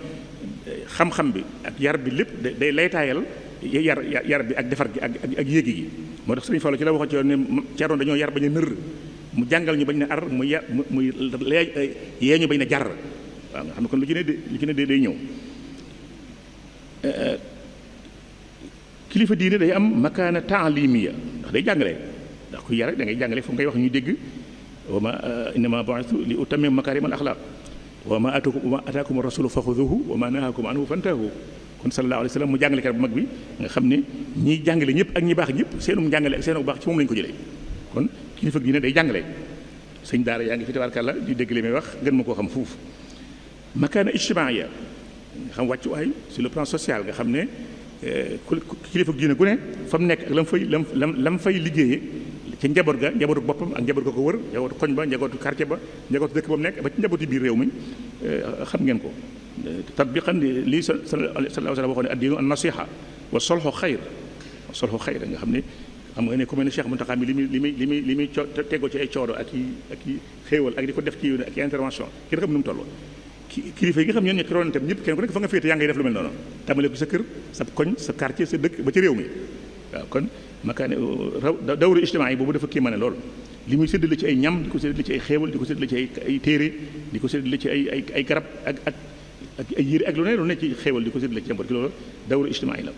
eh, xam-xam bi ak yar bi lépp day laytaayal yar yar bi ak defar gi ak ak yéegi gi moo tax sëriñ Fallu ci la waxoon ci ne ceeroon dañoo yar bañ a nër mu jàngal ñu bañ na ar mu ya muy lee eh, yee ñu bañ na jar waaw nga xam ne kon lu ci ne lu ci ne day ñëw eh, kilifa diine day am makaana taalimiya ndax day jàngale ndax ku yar rek da ngay jàngale fu ngay wax ñu dégg wa ma innama bu'ithu li utammima makarimal axlaaq wa ma atakum wa ma ataakum rasulu faxuduhu wa ma nahakum anhu fantahu kon sallallahu alayhi wa sallam mu jàngalekat bu mag bi nga xam ne ñiy jàngale ñëpp ak ñi baax ñëpp seenum jàngale ak seenu baax ci moom lañ ko jëlee kon kilifa gi ne day jàngale sëñ daara yaa ngi fi tabarkàlla di dégg li may wax gën ma koo xam fuuf makaana ijtimaaya nga xam wàccuwaay sur le plan social nga xam ne kilifa diine gu ne fa mu nekk ak lam fay lam lam lam fay liggéeyee ci njaboot ga njabootu boppam ak njaboot ga ko wër njabootu koñ ba njabootu quartier ba njabootu dëkk ba mu nekk ba ci njabootu biir réew mi eh, xam ngeen ko tatbiqan lii sa sallallahu alayhi waxoon ne addiinu an nasiha wa solxu xayr wa solxu xayr nga xam ne xam nga ne ku mel ne Cheikh Mountakha mi li muy li muy li muy li muy teggoo ci ay coono ak i ak xéewal ak di ko def ci yoon ak intervention kenn nu mu toll kilifa yi nga xam ñoon ñekki roon ñëpp kenn ku nekk fa nga féete yaa ngay def lu mel noonu tàmbalee ko sa kër sa koñ sa quartier sa dëkk ba ci réew mi waaw kon makaane uh, dawru ijtimaa yi boobu dafa kii ma ne lool li muy séddale ci ay ñam di ko séddale ci ay xéewal di ko la ci ay ay téere di ko séddale ci ay ay ay garab ak ak ak ay yére ak lu ne lu ne ci xeewal di ko séddale ci njaboot gi loolu la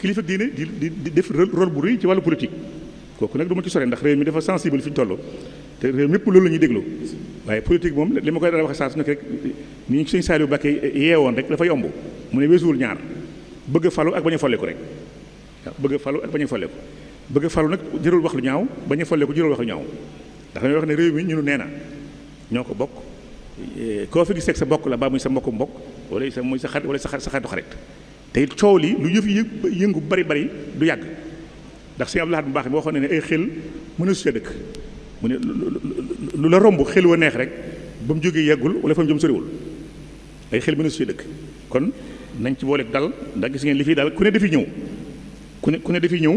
kilifa diine di di def rôle bu rëy ci wàllu politique kooku nag du ma ci sore ndax réew mi dafa sensible fi ñu toll te réew mépp loolu la ñuy déglu waaye politique moom li ma koy dara waxe saa su nekk rek ni ñu ci saa Saliou Mbacké yeewoon rek dafa yomb mu ne weesuwul ñaar bëgg falu ak bañ a folleeku rek bëgg falu ak bañuy a folleeku bëgg falu nag jërul wax lu ñaaw bañ a folleeku jërul wax lu ñaaw ndax dañuy wax ne réew mi ñu nee na ñoo ko bokk eh, koo fi gis rek sa bokk la baa muy sa mbokkum mbokk wala sa muy sa xarit wala sa xaritu xarit te it coow li lu yëf yëngu bari bari du yàgg ndax sëñ Abdou Lahad bu baax mi waxoon ne ne ay xel mëna su ca dëkk mu ne la romb xel wa neex rek ba mu jógee yeggul wala fa mu jëm soriwul ay xel mëna su ca kon nañ ci boole dal ndax gis ngeen li fi dal ku ne dafiy ñëw ku ne ku ne dafiy ñëw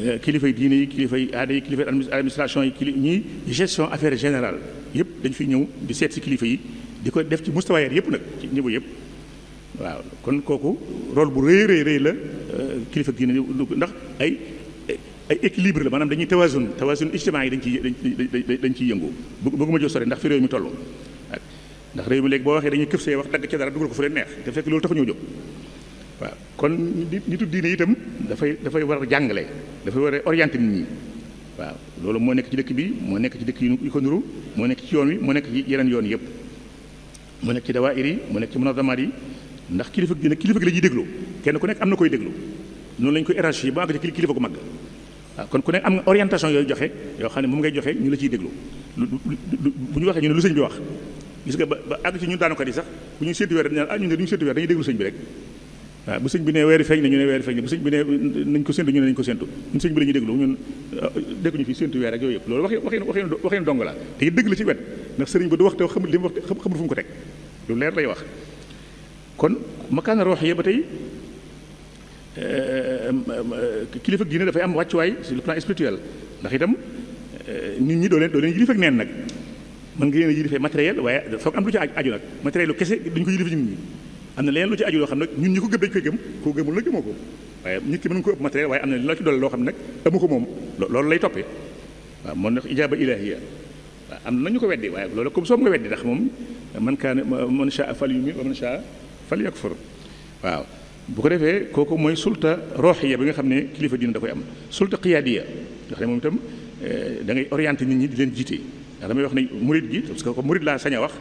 euh, kilifay diine yi kilifay aada yi kilifay administration yi kili ñii gestion affaire générale yëpp dañ fi ñëw di seet si kilifa yi di ko def ci mustawayeer yëpp nag ci niveau yëpp waaw kon kooku rôle bu rëy rëy rëy la euh, kilifa diine ndax ay ay équilibre la maanaam dañuy tawasun tawasun ijtimaa yi dañ ciy dañ ciy yëngu bëgguma jox sore ndax fi réew mi toll ndax réew mi léegi boo waxee dañuy këf see wax dagg ca dara dugal ko fu leen neex te fekk loolu taxuñoo jóg waaw kon nitu diine itam dafay dafay war a jàngale dafay war a orienté nit ñi waaw loolu moo nekk ci dëkk bi moo nekk ci dëkk yu ko nuru moo nekk ci yoon wi moo nekk ci yeneen yoon yëpp moo nekk ci dawaayir yi moo nekk ci munazamaat yi ndax kilifa gi nag kilifa gi la ñuy déglu kenn ku nekk am na koy déglu noonu la ñu koy éragé ba àgg ci kilifa gu mag kon ku nekk am na orientation yooyu joxe yoo xam ne moom ngay joxe ñu la ciy déglu bu ñu waxee ñu ne lu sëñ bi wax gis nga ba ba àgg ci ñun daanukat yi sax bu ñuy seeti weer dañu naan ah ñun ñu seeti weer dañuy déglu sëñ bi rek waaw bu sëñ bi ne weeri feeñ ne ñu ne weeri feeñ ne bu sëñ bi ne nañ ko séntu ñu ne nañ ko séntu ñun sëñ bi la ñuy déglu ñun ah, dégguñu fi séntu weer yëpp loolu waxee waxee waxee waxee dong la te dëgg la ci wet ndax sëriñ ba du wax te xamul li mu wax xamul fu mu ko teg lu leer lay wax kon makaana roox yee ba tey eh, kilifa diine dafay am wàccuwaay sur le plan spirituel ndax itam eh, nit ñi doo leen doo leen yilif ak neen nag mën nga leen a yilifee matériel waaye foog am lu ci aju nag matériel kese duñ ko yilife ñun ñi am na leneen lu ci aju loo xam nag ñun ñi ko gëm dañ koy gëm koo gëmul nag ko waaye nit ki mën nga ko ëpp matériel am na loo ci dolli loo amu ko moom loolu lay toppee waaw moo nekk ijaaba ilahiya am na ñu ko weddi waaye loolu comme soobu nga weddi ndax moom man kaane man shaa fal yumin wa man shaa fal yakfur waaw bu ko defee kooku mooy sulta roxiya bi nga xam ne kilifa dina da koy am sulta qiyaadiya nga xam ne moom itam eh, da ngay orienté nit ñi di leen jiite damay wax ne mourid gi parce que mourid la sañ wax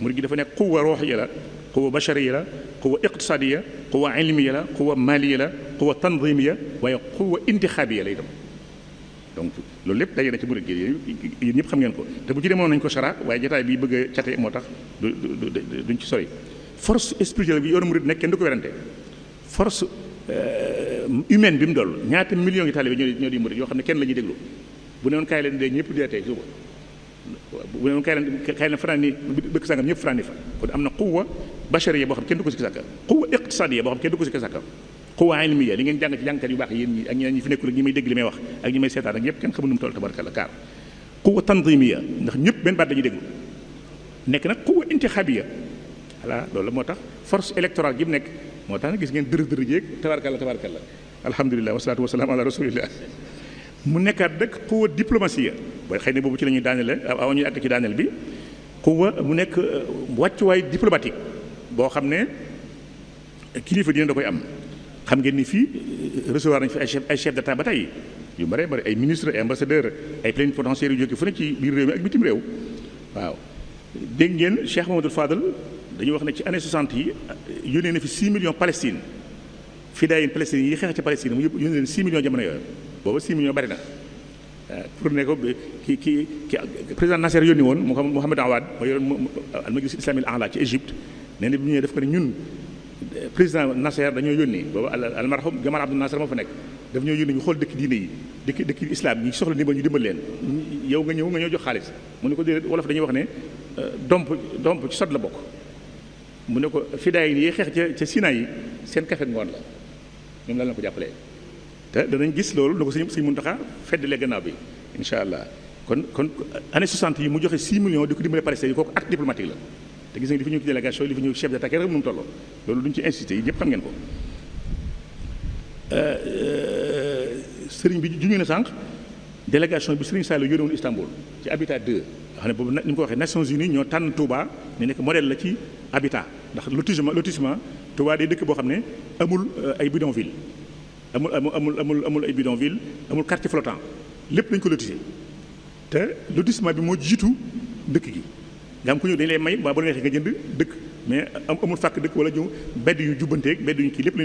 mourid gi dafa nek quwa ruuxiya la quwa bashariya la quwa iqtisadiya quwa ilmiya la quwa maliya la quwa tanzimiya waaye quwa intixaabiya lay dem donc lolou lépp daje na ci mourid gi yéen ñep xam ngeen ko te bu ci demoon nañ ko sara way jotaay bi bëgg ciaté motax duñ ci sori force spirituelle bi yor mourid nek kenn du ko werante force humaine bi mu doll ñaata millions yi talibé ñoo di mourid yo xamne ne kenn la déglu bu newoon kay leen dé ñëpp dee tey suba bu leen kay leen kay leen fanaan ni dëkk sàngam ñëpp fanaan ni fa kon am na quwa bachariya boo xam kenn du ko si sàkka quwa iqtisadiya boo xam kenn du ko si sàkka quwa ilmiya li ngeen jàng ci jàngkat yu baax yéen ñi ak ñeneen ñi fi nekkul ak ñi may dégg li may wax ak ñi may seetaan ak ñëpp kenn xamul nu mu toll tabarkalla kaar quwa tanzimiya ndax ñëpp benn baat dañuy déglu nekk nag quwa intixabiya voilà loolu moo tax force électorale gi mu nekk moo tax nag gis ngeen dërë dërë jéeg tabarkalla tabarkalla alhamdulilah wasalaatu wasalaam ala rasulillah mu nekkaat rek xuwa diplomatie ba xëy na boobu ci la ñuy daaneel aw ñuy àgg ci daaneel bi xuwa mu nekk euh, wàccuwaay diplomatique boo xam ne kilifa dina da koy am xam ngeen ni fii euh, recevoir nañu fi ay chef ay chef ba tey yu bare bare ay ministre ay ambassadeur ay plénipotentiaire yu jóge fu ne ci biir réew mi ak bitim réew waaw dégg ngeen Cheikh Mamadou Fadal dañu wax ne ci année 60 yi euh, yónnee na fi 6 millions Palestine fidaayin palestine yi xeex ci palestine mu yónni leen 6 millions jamono yooyu booba 6 millions bari na euh, pour ne ko ki ki ki président Nasser yónni woon Mohamed Awad mooy yoroon al majlis islami al a'la ci Égypte nee na bi ñëwee def ko ne ñun euh, président Nasser dañoo yónni booba al marhum Gamal Abdel Nasser moo fa nekk daf ñoo yónni ñu xool dëkk diine yi dëkk dëkk islam ñu soxla ndimbal ñu dimbal leen yow nga ñëw nga ñoo jox xaalis mu ne ko déedéet wolof dañuy wax ne euh, domp domp ci la bokk mu ne ko fidaay yi xeex ca ca Sinaay yi seen kafe ngoon la ñoom lan la ko jappalé té dañu gis lool na ko sëñ sëñ Muntaxa lé gannaaw bi inshallah kon kon année 60 yi mu joxé 6 millions diko ko dimbale Palestine yi kooku acte diplomatique la té gis nga difa ñu ci délégation li fi ñëw chef d'attaque rek mu tolloo loolu duñ ci insisté yi ñëpp xam ngeen ko euh, euh sëriñ bi juñu na sank délégation bi sëriñ Sall yónnewoon Istanbul ci Habitat 2 nga bobu ni ko waxee Nations Unies ñoo tan Touba ñu nekk modèle la ci Habitat ndax lotissement lotissement Touba day dëkk boo xam ne amul euh, ay bidonville amul amul amul amul ay bidonville amul quartier flottant lépp dañ ko te lotissement bi moo jiitu dëkk gi nga ku ñëw dañ lay may waa bu nga jënd mais amul fàkk dëkk wala ñu bedd yu jubbanteeg bedd kii lépp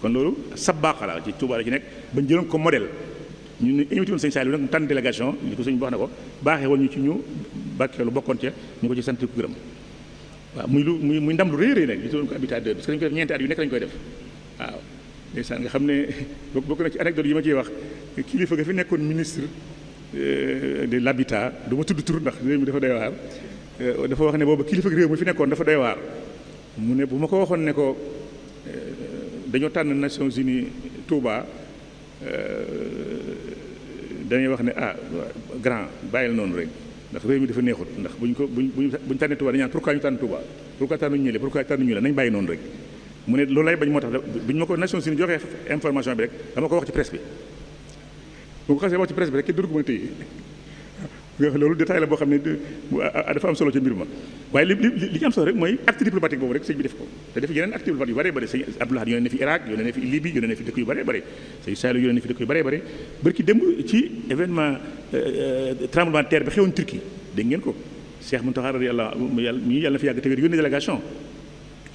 kon loolu la ci la ci ko modèle ñu ne invité délégation li ko sëñ bi ko baaxee woon ñu ci ñu ñu ko ci waaw muy lu muy muy ndam lu rëy rëy nag gisoon ko habitat 2 parce que dañu koy def ñeenti at yu nekk lañu koy def waaw ndeysaan nga xam ne bokk na ci anecdote yi ma ciy wax kilifa ga fi nekkoon ministre euh, de l'habitat du ma tudd tur ndax réew dafa doy waar euh, dafa wax ne booba kilifa réew mi fi nekkoon dafa day waar mu ne bu ma ko waxoon ne ko euh, dañoo tànn Nations Unies Touba dañuy wax ne ah grand bàyyil noonu rek ndax réew mi dafa neexut ndax buñ ko buñ buñ tànnee Touba dañu naan pourquoi ñu tànn Touba pourquoi tànnuñu ñële pourquoi tànnuñu la nañ bàyyi noonu rek mu ne loolu lay bañ moo tax buñ ma ko Nations Unies joxee information bi rek dama ko wax ci presse bi bu ko xasee wax ci presse bi rek ki dugg ma téye nga loolu détail la boo xam ne dafa am solo ci mbir ma waaye li li ci am solo rek mooy acte diplomatique boobu rek sëñ bi def ko te def yeneen acte diplomatique yu bëree bëri sëñ Abdoulaye yónnee na fi Irak yónnee na fi Libye yónnee na fi dëkk yu bëree bëri sëñ Saliou yónnee na fi dëkk yu bëree bëri barki démb ci événement euh, euh, tremblement de terre bi xewoon Turquie dégg ngeen ko Cheikh Mountakha radiyallahu anhu yàlla mi yàlla na fi yàgg te wér délégation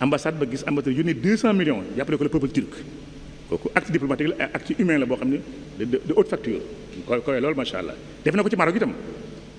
ambassade ba gis ambassade yónnee 200 millions jàppale ko le peuple turc kooku acte diplomatique la acte humain la boo xam ne de haute facture koy koy loolu macha allah def na ko ci Maroc itam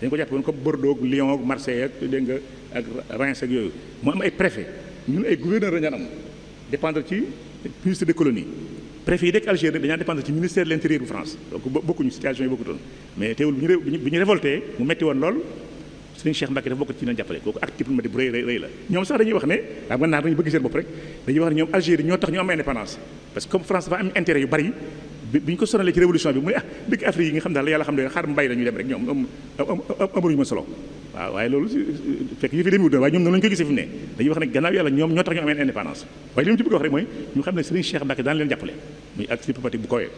dañ ko Bordeaux Lyon Marseille ak am ay préfet ñun ay gouverneur dañu ministre des colonies préfet yi Algérie dépendre ministère de l'intérieur de France donc bokkuñu situation yi bokkutoon mais teewul nous. ñu révolté mu metti lool Cheikh bokk ci ñu la sax dañuy wax bëgg seen rek dañuy wax Algérie ñoo tax ñu am parce que comme France va am intérêt yu bari bi ñu ko sonalee ci révolution bi mu ne ah dëkk Afrique yi nga xam daal yàlla xam ne xaar mbay dañuy dem rek ñoom amuñu ma solo waaw waaye loolu fekk yëf yi demewut waaye ñoom noonu lañu ko gisee fi mu ne dañuy wax ne gannaaw yàlla ñoom ñoo tax ñu ameen indépendance waaye li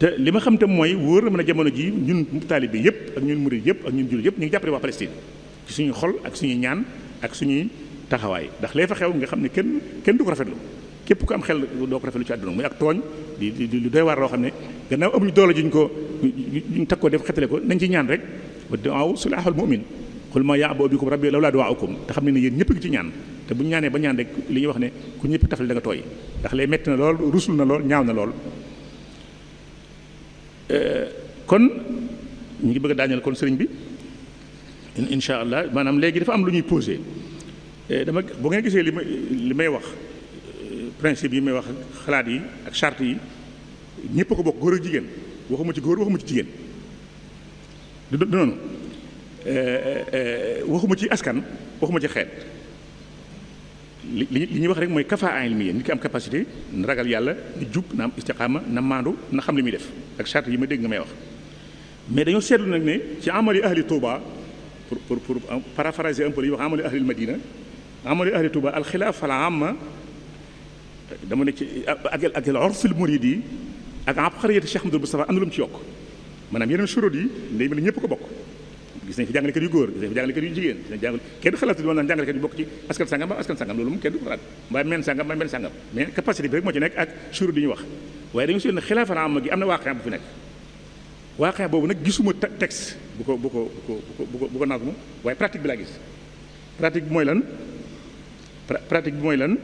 te li ma xam te mooy wóor na mën a jamono ji ñun taalibe yëpp ak ñun murid yëpp ak ñun jullit yëpp ñu ngi jàppale waa Palestine ci suñu xol ak suñu ñaan ak suñuy taxawaay ndax lee fa xew nga xam ne kenn kenn du ko rafetlu képp ku am xel doo ko rafetlu ci àdduna muy ak tooñ di di doy waar loo xam ne gannaaw amuñu doole juñ ko juñ tag ko def xetale ko nañ ci ñaan rek wa du'aa silaaxul mu'min xul ma yaa aboo bikum rabbi lawlaa du'aa'ukum te xam ne ne yéen ñëpp ngi ci ñaan te bu ñaanee ba ñaan li ñuy wax ne ku ñëpp tafale danga tooy ndax lay metti na lool rusul na lool ñaaw na lool euh, kon ñu ngi bëgg a daañal kon sëriñ bi incha allah maanaam léegi dafa am lu ñuy posé euh, dama bu ngeen gisee li may li may wax principe yi may wax xalaat yi ak charte yi ñëpp ko bokk góor ak jigéen waxuma ci góor waxuma ci jigéen du du noonu waxuma ci askan waxuma ci xeet li li ñuy wax rek mooy kafaa ilmiya nit ki am capacité na ragal yàlla na jub na am istiqama na mandu na xam li muy def ak charte yi ma dégg nga may wax mais dañoo seetlu nag ne ci amali ahli Touba pour pour pour paraphraser un peu li wax amali ahli Madina amali ahli Touba al khilaf al amma dama ne ci ak ak al urful murid yi ak abqariyati Cheikh Ahmadou Moustapha am lum ci yok manam yeneen churut yi ndey mel ñëpp ko bok gis nañ fi jangale kat yu góor gis nañ fi jangale kat yu jigen gis nañ jàngal kenn xalaatu doon jangale kat yu bok ci askan sangam ba askan sangam lolum moom kenn du ko xalaat mbaa men sangam mbay men sangam men capacité bi rek mo ci nek ak churut yi ñu wax waye dañu seen khilafa am gi amna waqiya bu fi nek waqiya bobu nak gisuma texte bu ko bu ko bu ko bu ko naat waye pratique bi la gis pratique moy lan pratique bi mooy lan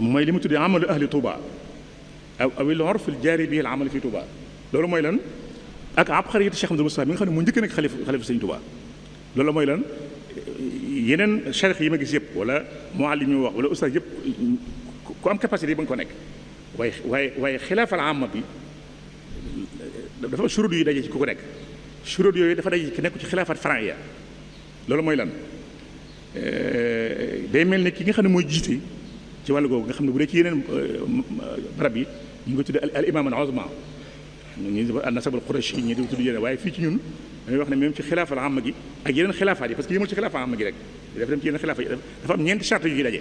mooy li mu tuddee amalu ahli Touba aw awil orf al jaari bi al amal fi Touba loolu mooy lan ak abqariyatu Cheikh Ahmadou Moustapha mi nga xam ne moo njëkk nekk xalif xalif sëñ Touba loolu mooy lan yeneen charix yi ma gis yëpp wala muallim yi wax wala ustaas yëpp ku am capacité ba nga ko nekk waaye waaye waaye xilaafal amma bi dafa am surut yu daje ci ku ko nekk surut yooyu dafa daje ci nekk ci xilaafaat franc ya loolu mooy lan day mel ne ki nga xam ne mooy jiite ci walu googu nga xamne bu re ci yeneen barab yi ñu ngi tuddé al imam al uzma ñu di al nasab al quraish ñi di tuddé yeneen waye fi ci ñun dañuy wax ne même ci khilafa al amma gi ak yeneen khilafa yi parce que yëmul ci xilaafa amma gi rek dafa dem ci yeneen khilafa yi dafa am ñent charte yu ci daje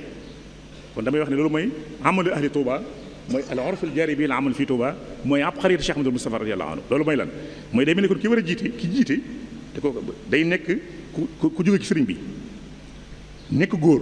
kon damay wax ne lolu moy amul ahli touba moy al urf al jaari bi al amal fii touba mooy abqariyat cheikh ahmadul mustafa radiallahu anhu lolu moy lan moy day melni ko ki wara jité ki jité te ko day nek ku ku jóge ci serigne bi nek góor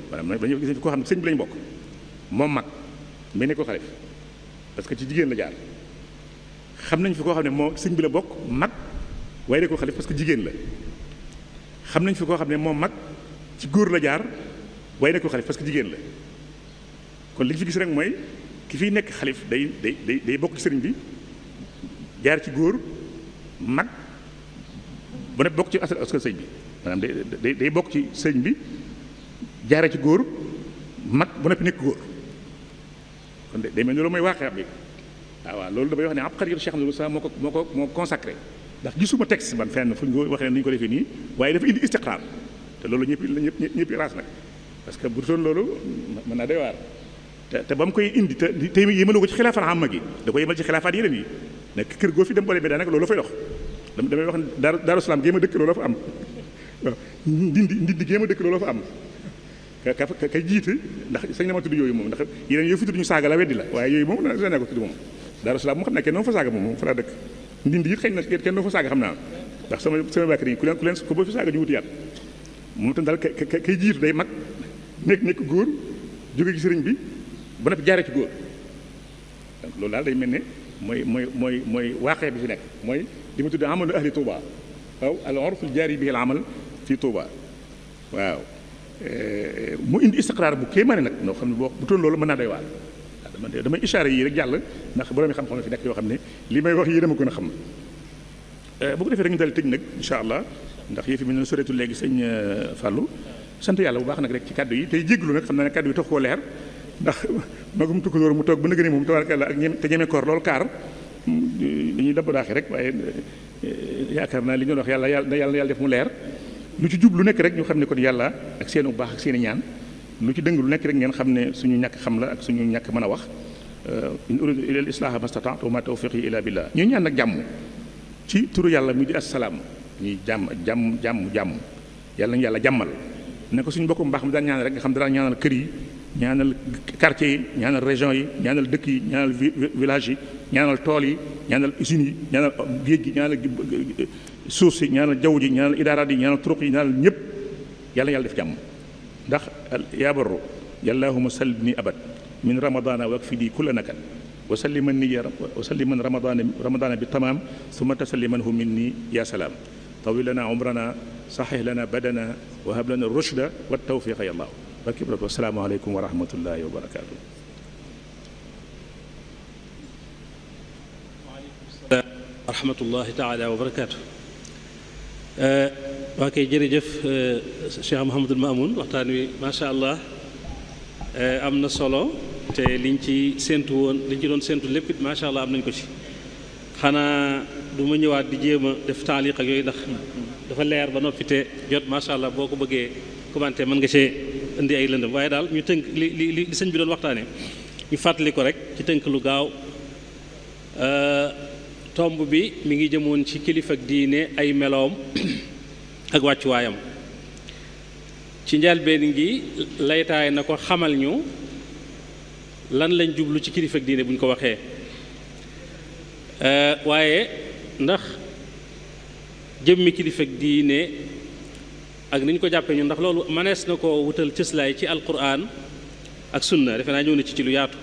maanaam dañoo gis koo xam ne sëñ bi lañ bokk moom mag mais ne ko xalif parce que ci jigéen la jaar xam nañ fi koo xam ne moom sëñ bi la bokk mag waaye ko xalif parce que jigéen la xam nañ fi koo xam ne moom mag ci góor la jaar waaye ne ko xalif parce que jigéen la kon li ñu fi gis rek mooy ki fiy nekk xalif day day day day bokk ci bi jaar ci góor mag bu ne bokk ci askan sëñ bi maanaam day day bokk ci sëñ bi jaare ci góor mag bu noppi nekk góor kon de day mel ni loolu mooy waaqe bi ah, waaw waa loolu damay wax ne am xarit Cheikh Ahmadou Bamba ko moo ko moo consacré ndax gisuma texte man fenn fu ñu ko waxee ni ñu ko defee nii waaye dafa indi istiqraar te loolu ñëpp ñëpp ñëpp raas nag parce que bu doon loolu mën naa doy waar te te ba mu koy indi te te yemalu ko ci xilaafaat amma gi da ko yemal ci xilaafaat yeneen yi nag kër goo fi dem boole bi daanaka loolu la fay dox damay wax ne Daaru Salaam géem a dëkk am waaw ndindi ndindi géem a dëkk loolu la ka ka jiite ndax sañ na ma tudd yooyu moom ndax yeneen yooyu fi tudd ñu saaga la weddi la waaye yooyu moom sañ naa ko tudd moom daara salaam mu xam ne kenn doo fa saaga moom moom fa laa dëkk ndindi it na kenn doo fa saaga xam naa ndax sama sama bàkk ku leen ku leen ko boo fi saaga ñu wuti yaat moom tam daal kay jiitu day mag nekk nekk góor jóge ci sëriñ bi ba noppi jaaree ci góor donc loolu daal day mel ne mooy mooy mooy mooy waaxee bi fi nekk mooy li ma tudd amalu ahli Touba waaw al urful jaari Euh, mu indi istiqraar bu kéemaane nag noo xam ne boo bu toon loolu mën naa doy waar waaw man damay ishaara yi rek jàll ndax borom yi xam-xam fi nekk yoo xam ne li may wax yéen a ma gën a xam euh, boo ko defee rek nag incha allah ndax yëf yi mu ne soreetu léegi sëñ euh, Fallou sant yàlla bu baax nag rek ci kaddu yi tey jéglu nag xam naa ne kaddu tax koo leer ndax magum tukkulóor mu toog ba nëgëni moom tabaarkalla ak ñem te ñeme koor loolu kaar mm, dañuy dabb daaxi rek waaye yaakaar naa li ñu wax yàlla yàlla yàlla def mu leer lu ci jub lu nekk rek ñu xam ne kon yàlla ak seen bu baax ak seen ñaan lu ci dëng lu nekk rek ngeen xam ne suñu ñàkk xam la ak suñu ñàkk mën a wax euh, in uridu ila al islaha mastata'tu ma tawfiqi illa billah ñuy ñaan ak jàmm ci turu yàlla mu di assalaam ñuy jàmm jàmm jàmm jàmm yàlla ñu yàlla jàmmal ne ko suñu bokku mbaax mi daan ñaan rek nga xam daan ñaanal kër yi ñaanal quartier yi ñaanal région yi ñaanal dëkk yi ñaanal village yi ñaanal tool yi ñaanal usine yi ñaanal géej gi ñaanal suuf si ñaanal jaww ji ñaanal idaaraat yi ñaanal turuq yi ñaanal ñëpp yàlla yàlla def jàmm ndax yaa barru yàllaahuma salbni abad min ramadana wa fi di kulla nakat wa salliman ni wa salliman ramadana ramadana bi tamaam summa tasallimanhu minni ya salaam طول لنا عمرنا صحح لنا بدنا وهب لنا الرشد والتوفيق يا الله barke bi السلام عليكم ورحمة الله وبركاته ورحمة الله تعالى وبركاته wa جري جف شيخ محمد المأمون وطاني Mamoun شاء الله أمنا صلو am na solo te liñ ci séentu woon liñ ci doon séentu lépp it du ma ñëwaat di jéem a def taaliq ak yooyu ndax dafa leer ba noppi te jot macha allah boo ko bëggee commenté mën nga see. indi waaye daal ñu tënk li li sëñ bi doon waxtaane ñu fàttali ko rek ci tënk lu gaaw tomb bi mi ngi jëmoon ci kilifa ak diine ay meloom ak wàccuwaayam ci njëlbeen gi laytaay na ko xamal ñu lan lañ jublu ci kilifa ak diine bu ko waxee waaye ndax jëmmi kilifa ak diine. ak ni ñu ko jàppee ñun ndax loolu manees na ko wutal cëslaay ci alquran ak sunna defe naa ñëw na ci ci lu yaatu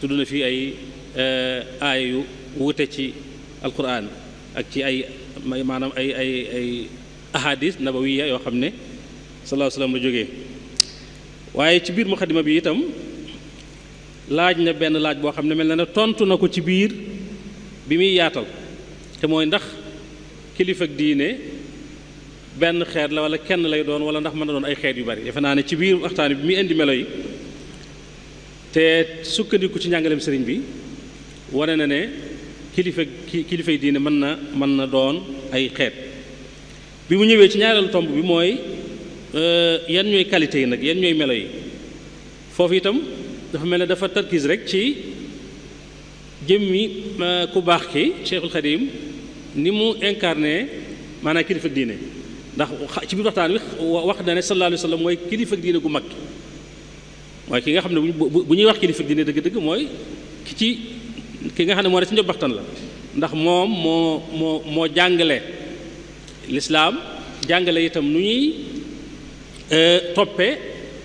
tudd na fii ay eh, aaya yu wute ci alquran ak ci ay maanaam ay ay ay ahadis nabawiya yoo xam ne sallallahu alayhi wa la jógee waaye ci biir muqaddima bi itam laaj na benn laaj boo xam ne mel na ne tontu na ko ci biir bi muy yaatal te mooy ndax kilifa diine benn xeet la wala kenn lay doon wala ndax mën na doon ay xeet yu bari defe naa ne ci biir waxtaan bi mu indi melo yi te sukkandiku ci njàngaleem sëriñ bi wane na ne kilifa kilifay diine mën na mën na doon ay xeet bi mu ñëwee ci ñaareelu tomb bi mooy euh, yan ñooy qualité yi nag yan ñooy melo yi foofu itam dafa mel ne dafa tarkiis rek ci jëmmi euh, ku baax ki Cheikhul Khadim ni mu incarné maanaam kilifa diine ndax ci biir waxtaan wi wax na ne sallallahu alayhi wa mooy kilifa diine gu mag mooy ki nga xam ne bu ñuy wax kilifa diine dëgg-dëgg mooy ki ci ki nga xam ne moo ne ci njobbaxtan la ndax moom moo moo moo jàngale lislaam jàngale itam nu ñuy euh, toppee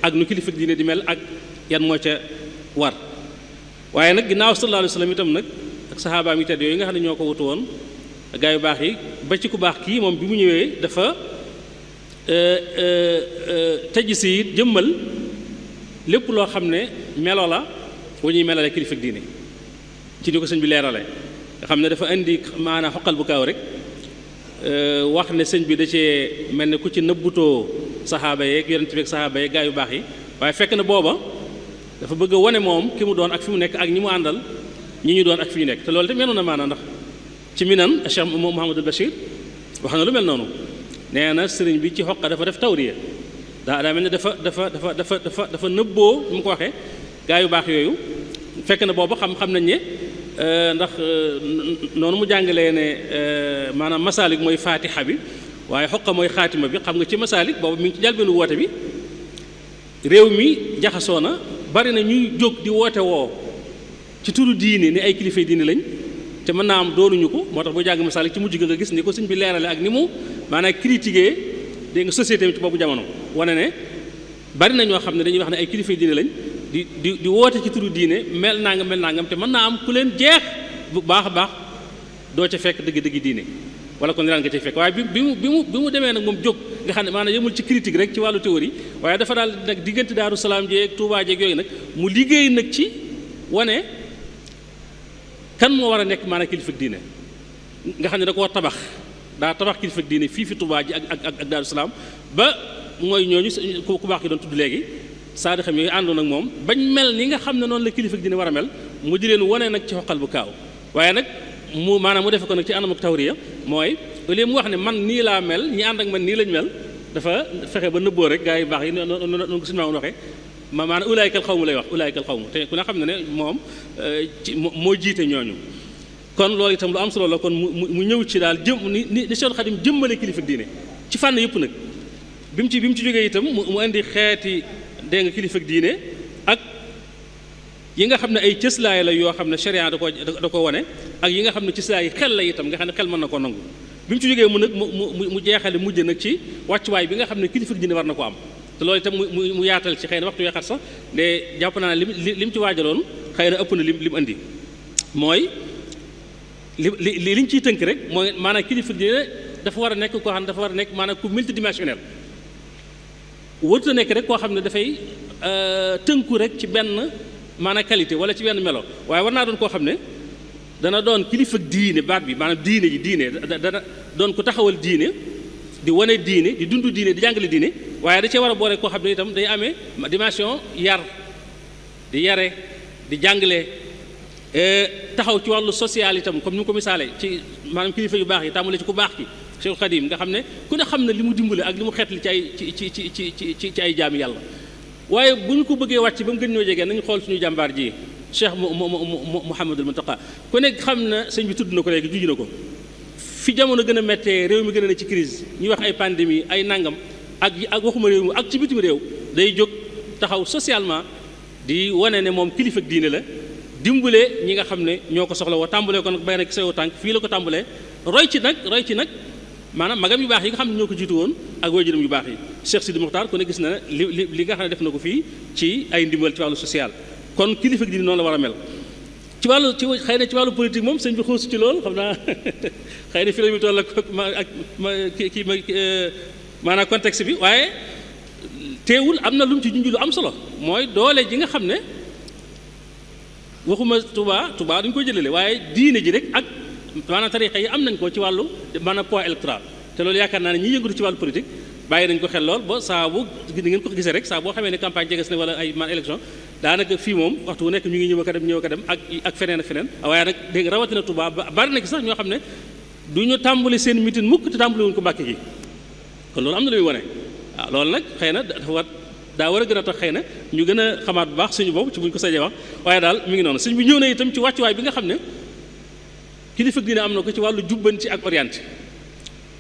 ak nu kilifa diine di mel ak yan moo ca war waaye nag ginnaaw sallallahu alayhi wa sallam itam nag ak saxaabaam yi tedd yooyu nga xam ne ñoo ko wutu woon gaa yu baax yi ba ci ku baax kii moom bi mu ñëwee dafa tëj si it jëmmal lépp loo xam ne melo la wu ñuy melale kilifa diine ci ni ko sëñ bi leerale nga xam ne dafa indi maanaam xoqal bu kaaw rek wax ne sëñ bi da cee mel ne ku ci nëbbutoo saxaaba yeeg yonent bi saxaaba yeeg gaa yu baax yi waaye fekk na booba dafa bëgg a wane moom ki mu doon ak fi mu nekk ak ñi mu àndal ñi ñu doon ak fi ñu nekk te loolu te meloon na maanaam ndax ci minan Cheikh Mouhamadul Bachir wax na lu mel noonu nee na sëriñ bi ci xoqa dafa def tawriya daa daa mel ne dafa dafa dafa dafa dafa dafa nëbboo nu mu ko waxee gaa yu baax yooyu fekk na boobu xam xam nañ ne euh, ndax euh, noonu mu jàngalee ne euh, maanaam masaalik mooy faatixa bi waaye xoqa mooy xaatima bi xam nga ci masaalik boobu mi ngi ci njëlbeenu woote bi réew mi jaxasoo na bari na ñuy jóg di woote woo ci turu diine ni ay kilifa diine lañ te mën naa am doonuñu ko moo tax boo jàng masaalik ci mujj ga nga gis ni ko siñ bi leerale ak ni mu maanaam critiquer dégg nga société bi ci boobu jamono wane ne bari na ñoo xam ne dañuy wax ne ay kilifa diine lañ di di di woote ci turu diine mel naa nga mel naa nga te mën naa am ku leen jeex bu baax a baax doo ca fekk dëgg dëgg diine wala kon daan nga cay fekk waaye bi bi mu bi mu bi mu demee nag moom jóg nga xam ne maanaam yemul ci critique rek ci wàllu théorie waaye dafa daal nag diggante daaru salaam jeeg Touba jeeg yooyu nag mu liggéey nag ci wane kan moo war a nekk maanaam kilifa diine nga xam ne da koo tabax daa tabax kilifa ak diine fii fi tubaa ji ak ak ak Daaru Salaam ba mooy ñooñu ku ku baax ki doon tudd léegi saadi xam yooyu àndoon ak moom bañ mel ni nga xam ne noonu la kilifa ak diine war a mel mu di leen wane nag ci xoqal bu kaaw waaye nag mu maanaam mu defe ko nag ci anam ak tawriya mooy au lieu mu wax ne man nii laa mel ñi ànd man nii lañ mel dafa fexe ba nëbboo rek gaa yi baax yi noonu ko suñu maamoon waxee ma maanaam ulaaykal xaw mu lay wax ulaaykal xaw mu te ku ne xam ne ne moom euh, ci moo jiite ñooñu kon loolu itam lu am solo la kon mu ñëw ci daal jëm ni ni Seex Xaadim jëmmale kilifa diine ci fànn yëpp nag bi mu ci bi ci jógee itam mu indi xeeti dégg nga kilifa diine ak yi nga xam ne ay cëslaay la yoo xam ne sharia da ko da ko wane ak yi nga xam ne cëslaay yi xel la itam nga xam ne xel na ko nangu bi mu ci mu nag mu mu mu jeexale mujj nag ci wàccuwaay bi nga xam ne kilifa diine war na ko am te loolu itam mu mu yaatal ci xëy na waxtu weexat sax de jàpp naa ne li mu ci waajaloon xëy na ëpp na lim li mu indi mooy li li liñ ciy tënk rek mooy maanaam kilifa diine dafa war a nekk koo xam ne a nekk maanaam ku multidimensionnel warut a nekk rek koo xam ne dafay euh, tënku rek ci benn maanaam qualité wala ci benn melo waaye war naa doon koo xam ne dana doon kilifa diine baat bi maanaam diine ji diine dana doon taxawal diine di diine di dund diine di jàngale diine waaye da cee war a boole koo xam ne itam day amee dimension yar di yare di jàngle Eh, taxaw ci wàllu social itam comme ni mu ko misaale ci maanaam kilifa yu baax yi tàmbale ci ku baax ki Cheikh Khadim nga xam ne ku ne xam na li mu dimbale ak li mu xeetli ci ay ci ci ci ci ci ci ay jaami yàlla waaye bu ñu ko bëggee wàcc ba mu gën ñoo jege nañu xool suñu jàmbaar ji Cheikh mu mu mu Mouhamadul Mountakha ku nekk xam na sëñ bi tudd na ko léegi juj na ko fi jamono gën a méttee réew mi gën a ne ci crise ñuy wax ay pandémie ay nangam ak ak waxuma réew mu ak ci bitim réew day jóg taxaw socialement di wane ne moom kilifa diine la dimbalee ñi nga xam ne ñoo ko soxla woo tàmbalee ko nag bay nag sew tànk fii la ko tàmbalee roy ci nag roy ci nag maanaam magam yu baax yi nga xam ne ñoo ko jiitu woon ak waajuram yu baax yi Cheikh Sidi Mokhtar ku ne gis na li li nga xam ne def na ko fii ci ay ndimbal ci wàllu social kon kilifa gi noonu la war a mel ci wàllu ci xëy na ci wàllu politique moom sëñ bi xuus ci lool xam naa xëy na fi la ñu toll ak ma ak ma kii ma euh, maanaam contexte bi waaye teewul am na lu mu ci junj lu am solo mooy doole ji nga xam ne waxuma tubaa tubaa duñ koy jëlale waaye diine ji rek ak maanaam tarixa yi am nañ ko ci wàllu maanaam poids électoral te loolu yaakaar naa ne ñi yëngatu ci wàllu politique bàyyi nañ ko xel lool ba saa bu ngeen ko gisee rek saa boo xamee ne campagne jeges ne wala ay man élection daanaka fii moom waxtu wu nekk ñu ngi ñëw ak a dem ñëw ak a ak ak feneen ak feneen waaye nag rawatina tubaa bari na ki sax ñoo xam ne du ñu tàmbali seen mitin mukk te tàmbali wuñ ko Mbàkke gi kon loolu am na lu muy loolu nag xëy na dafa war daa war a gën a tax xëy na ñu gën a xamaat bu baax suñu boobu ci buñ ko sajee wax waaye daal mi ngi noonu suñ bi ñëw na itam ci wàccuwaay bi nga xam ne kilifa diine am na ko ci wàllu jubbanti ak orienté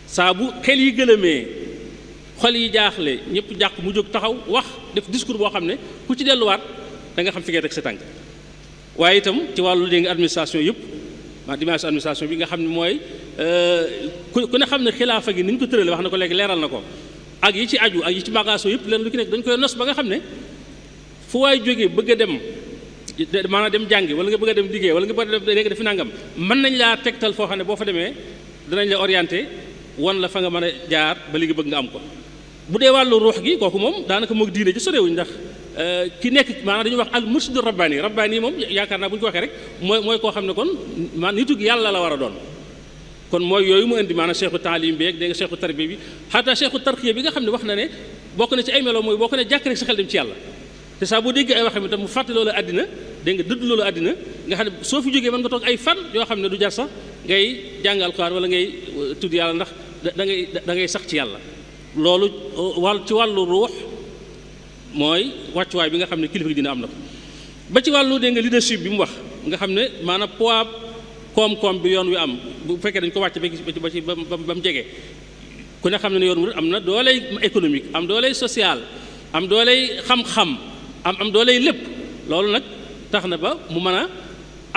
saa bu xel yi gëlëmee xol yi jaaxle ñëpp jàq mu jóg taxaw wax def discours boo xam ne ku ci delluwaat da nga xam fi ngay teg sa tànk waaye itam ci wàllu léegi administration yëpp ma dimension administration bi nga xam ne mooy euh, ku ne xam ne xilaafa gi ni ko tëralee wax na ko léegi leeral na ko ak yi ci aju ak yi ci bagaaso yëpp leen lu ci nekk dañ koy nos ba nga xam ne fu waay jógee bëgg a dem maanaam dem jàngi wala nga bëgg a dem liggéey wala nga bëgg a dem léegi nangam mën nañ laa tegtal foo xam ne boo fa demee danañ la orienté wan la fa nga mën a jaar ba léegi bëgg nga am ko bu dee wàllu ruux gi kooku moom daanaka moog diine ci sorewuñ ndax euh, ki nekk maanaam dañu wax al mursidu rabbaani rabbaani moom yaakaar naa bu ñu ko waxee rek mooy mooy koo xam ne kon man nitu yàlla la war a doon kon mooy yooyu mu indi maanaam cheikhu taalim bi ak dégg nga cheikhu bi xataa cheikhu tarxiya bi nga xam ne wax na ne bokk na ci ay melo mooy boo ko ne jàkk rek sa xel dem ci yàlla te saa boo déggee ay waxam itam mu fàtte loolu àddina dégg nga dëdd loolu àddina nga ne soo fi jógee mën nga toog ay fan yoo xam ne du jar sax ngay jàng alxuraan wala ngay uh, tudd yàlla ndax dangay ngay sax ci yàlla loolu uh, wàll ci wàllu ruux mooy wàccuwaay bi nga xam ne kilifa gi dina am na ko ba ci wàllu dégg nga leadership bi mu wax nga xam ne maanaam poids koom-koom bi yoon wi am bu fekkee dañ ko wàcc ba ci ba ba mu jege ku ne xam ne ne yoon wu am na doolay économique am doolay social am doolay xam-xam am am doolay lépp loolu nag tax na ba mu man a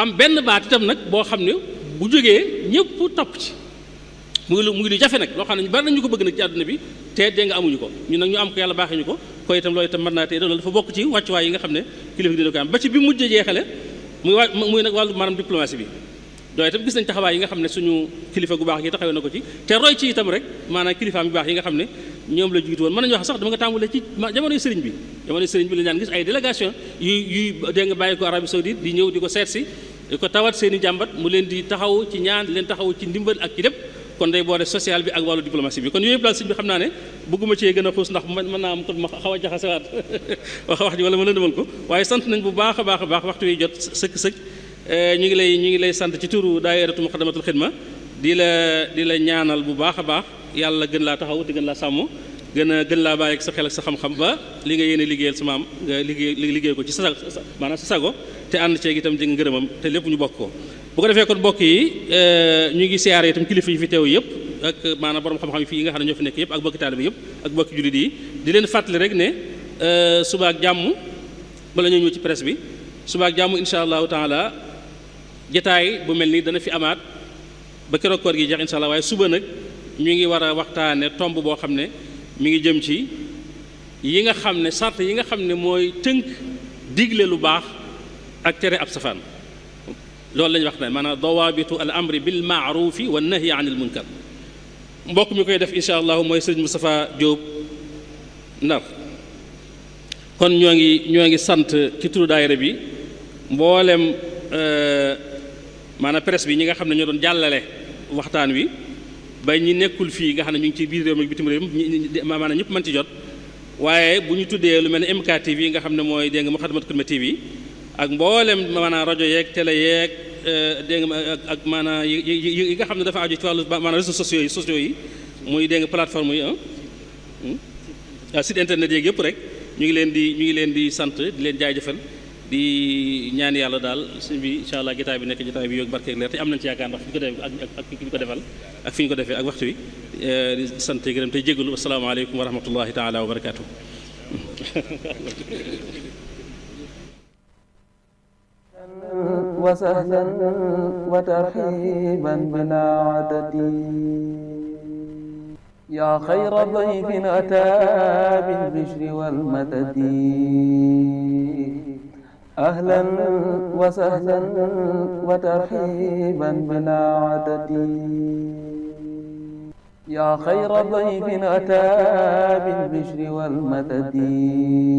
am benn baat tam nag boo xam ne bu jógee ñëpp topp ci mu ngi lu mu ngi lu jafe nag loo xam ne bari nañu ko bëgg nag ci àdduna bi te dee nga amuñu ko ñu nag ñu am ko yàlla baaxee ko koy itam loolu itam mën naa tey loolu dafa bokk ci wàccuwaay yi nga xam ne kilifa dina ko am ba ci bi mujj jeexale muy wa muy nag wàllu maanaam diplomatie bi dooy itam gis nañ taxawaay yi nga xam ne suñu kilifa gu baax gi taxawee na ko ci te roy ci itam rek maanaam kilifaam yu baax yi nga xam ne ñoom la jiitu woon mën nañu wax sax dama nga tàmbalee ci jamonoy sëriñ bi jamonoy sëriñ bi la daan gis ay délégation yu yuy dégg nga bàyyi ko Arabie Saoudite di ñëw di ko seet si ko tawat seen i jàmbat mu leen di taxaw ci ñaan leen taxaw ci ndimbal ak ci lépp kon day boole social bi ak wàllu diplomatie bi kon yooyu yëpp xam naa ne bëgguma cee gën a xuus mën naa am kon ma xaw a jaxasewaat wax wax ji wala ma lëndëmal ko waaye sant nañ bu baax a baax a baax waxtu yi jot sëkk-sëkk Eh, ñu ngi lay ñu ngi lay sant ci turu daayiratu muqaddamatul xidma di la di la ñaanal bu baax a baax yàlla gën laa taxaw te gën laa sàmm gën a gën laa bàyyi sa xel ak sa xam-xam ba li nga yéene liggéeyal sa maam nga liggéey liggéey ko ci sa maanaam sa sago te ànd ceeg itam di nga ngërëmam te lépp ñu bokk ko bu ko defee kon bokk yi eh, ñu ngi siyaare itam kilifa yi fi teew yëpp ak maanaam borom xam-xam yi fii nga xam ne ñoo fi nekk yëpp ak bokki taalibe yëpp ak bokki jullit yi di leen fàttali rek ne eh, suba ak jàmm bala ñoo ñëw ci presse bi suba ak jàmm incha allahu taala jataay bu mel nii dana fi amaat ba keroog koor gi jeex incha allah waaye suba nag ñu ngi war a waxtaane tomb boo xam ne mi ngi jëm ci yi nga xam ne sart yi nga xam ne mooy tënk digle lu baax ak tere ab safaan loolu la ñuy wax maanaam dawaabitu al amri bil maarufi wa nahyi anil munkar mbokk mi koy def incha allahu mooy sëriñ Moustapha Diop Ndar kon ñoo ngi ñoo ngi sant ci turu daayira bi mboolem maanaam presse bi ñi nga xam ne ñoo doon jàllale waxtaan wi ba ñi nekkul fii nga xam ne ñu ngi ci biir réew mi bitim réew maanaam ñëpp mën ci jot waaye bu ñu tuddee lu mel ne MK TV nga xam ne mooy dégg nga Moukhaddamatoul Khidma TV ak mboolem maanaam rajo yeeg télé yeeg euh, dégg nga ak maanaam yi nga xam ne dafa aju ci wàllu maanaam réseaux sociaux yi sociaux yi muy dégg nga plateforme yi ah, hmm? ah site internet yeeg yëpp rek ñu ngi leen di ñu ngi leen di sant di leen jaajëfal di ñaan yàlla dal sëñ bi inshallah allah bi nek jotaay bi yokk barke leer te am nañ ci yakkar ndax fi ko def ak fi ko defal ak fi ko defé ak waxtu wi di sant gërëm tey jégalu asalaamaaleykum wa rahmatullahi taala wa barakatuh وسهلا وترحيبا بلا عدد يا خير ضيف أتى بالبشر والمدد أهلا وسهلا وترحيبا بنا عدد يا خير ضيف أتى بالبشر والمدد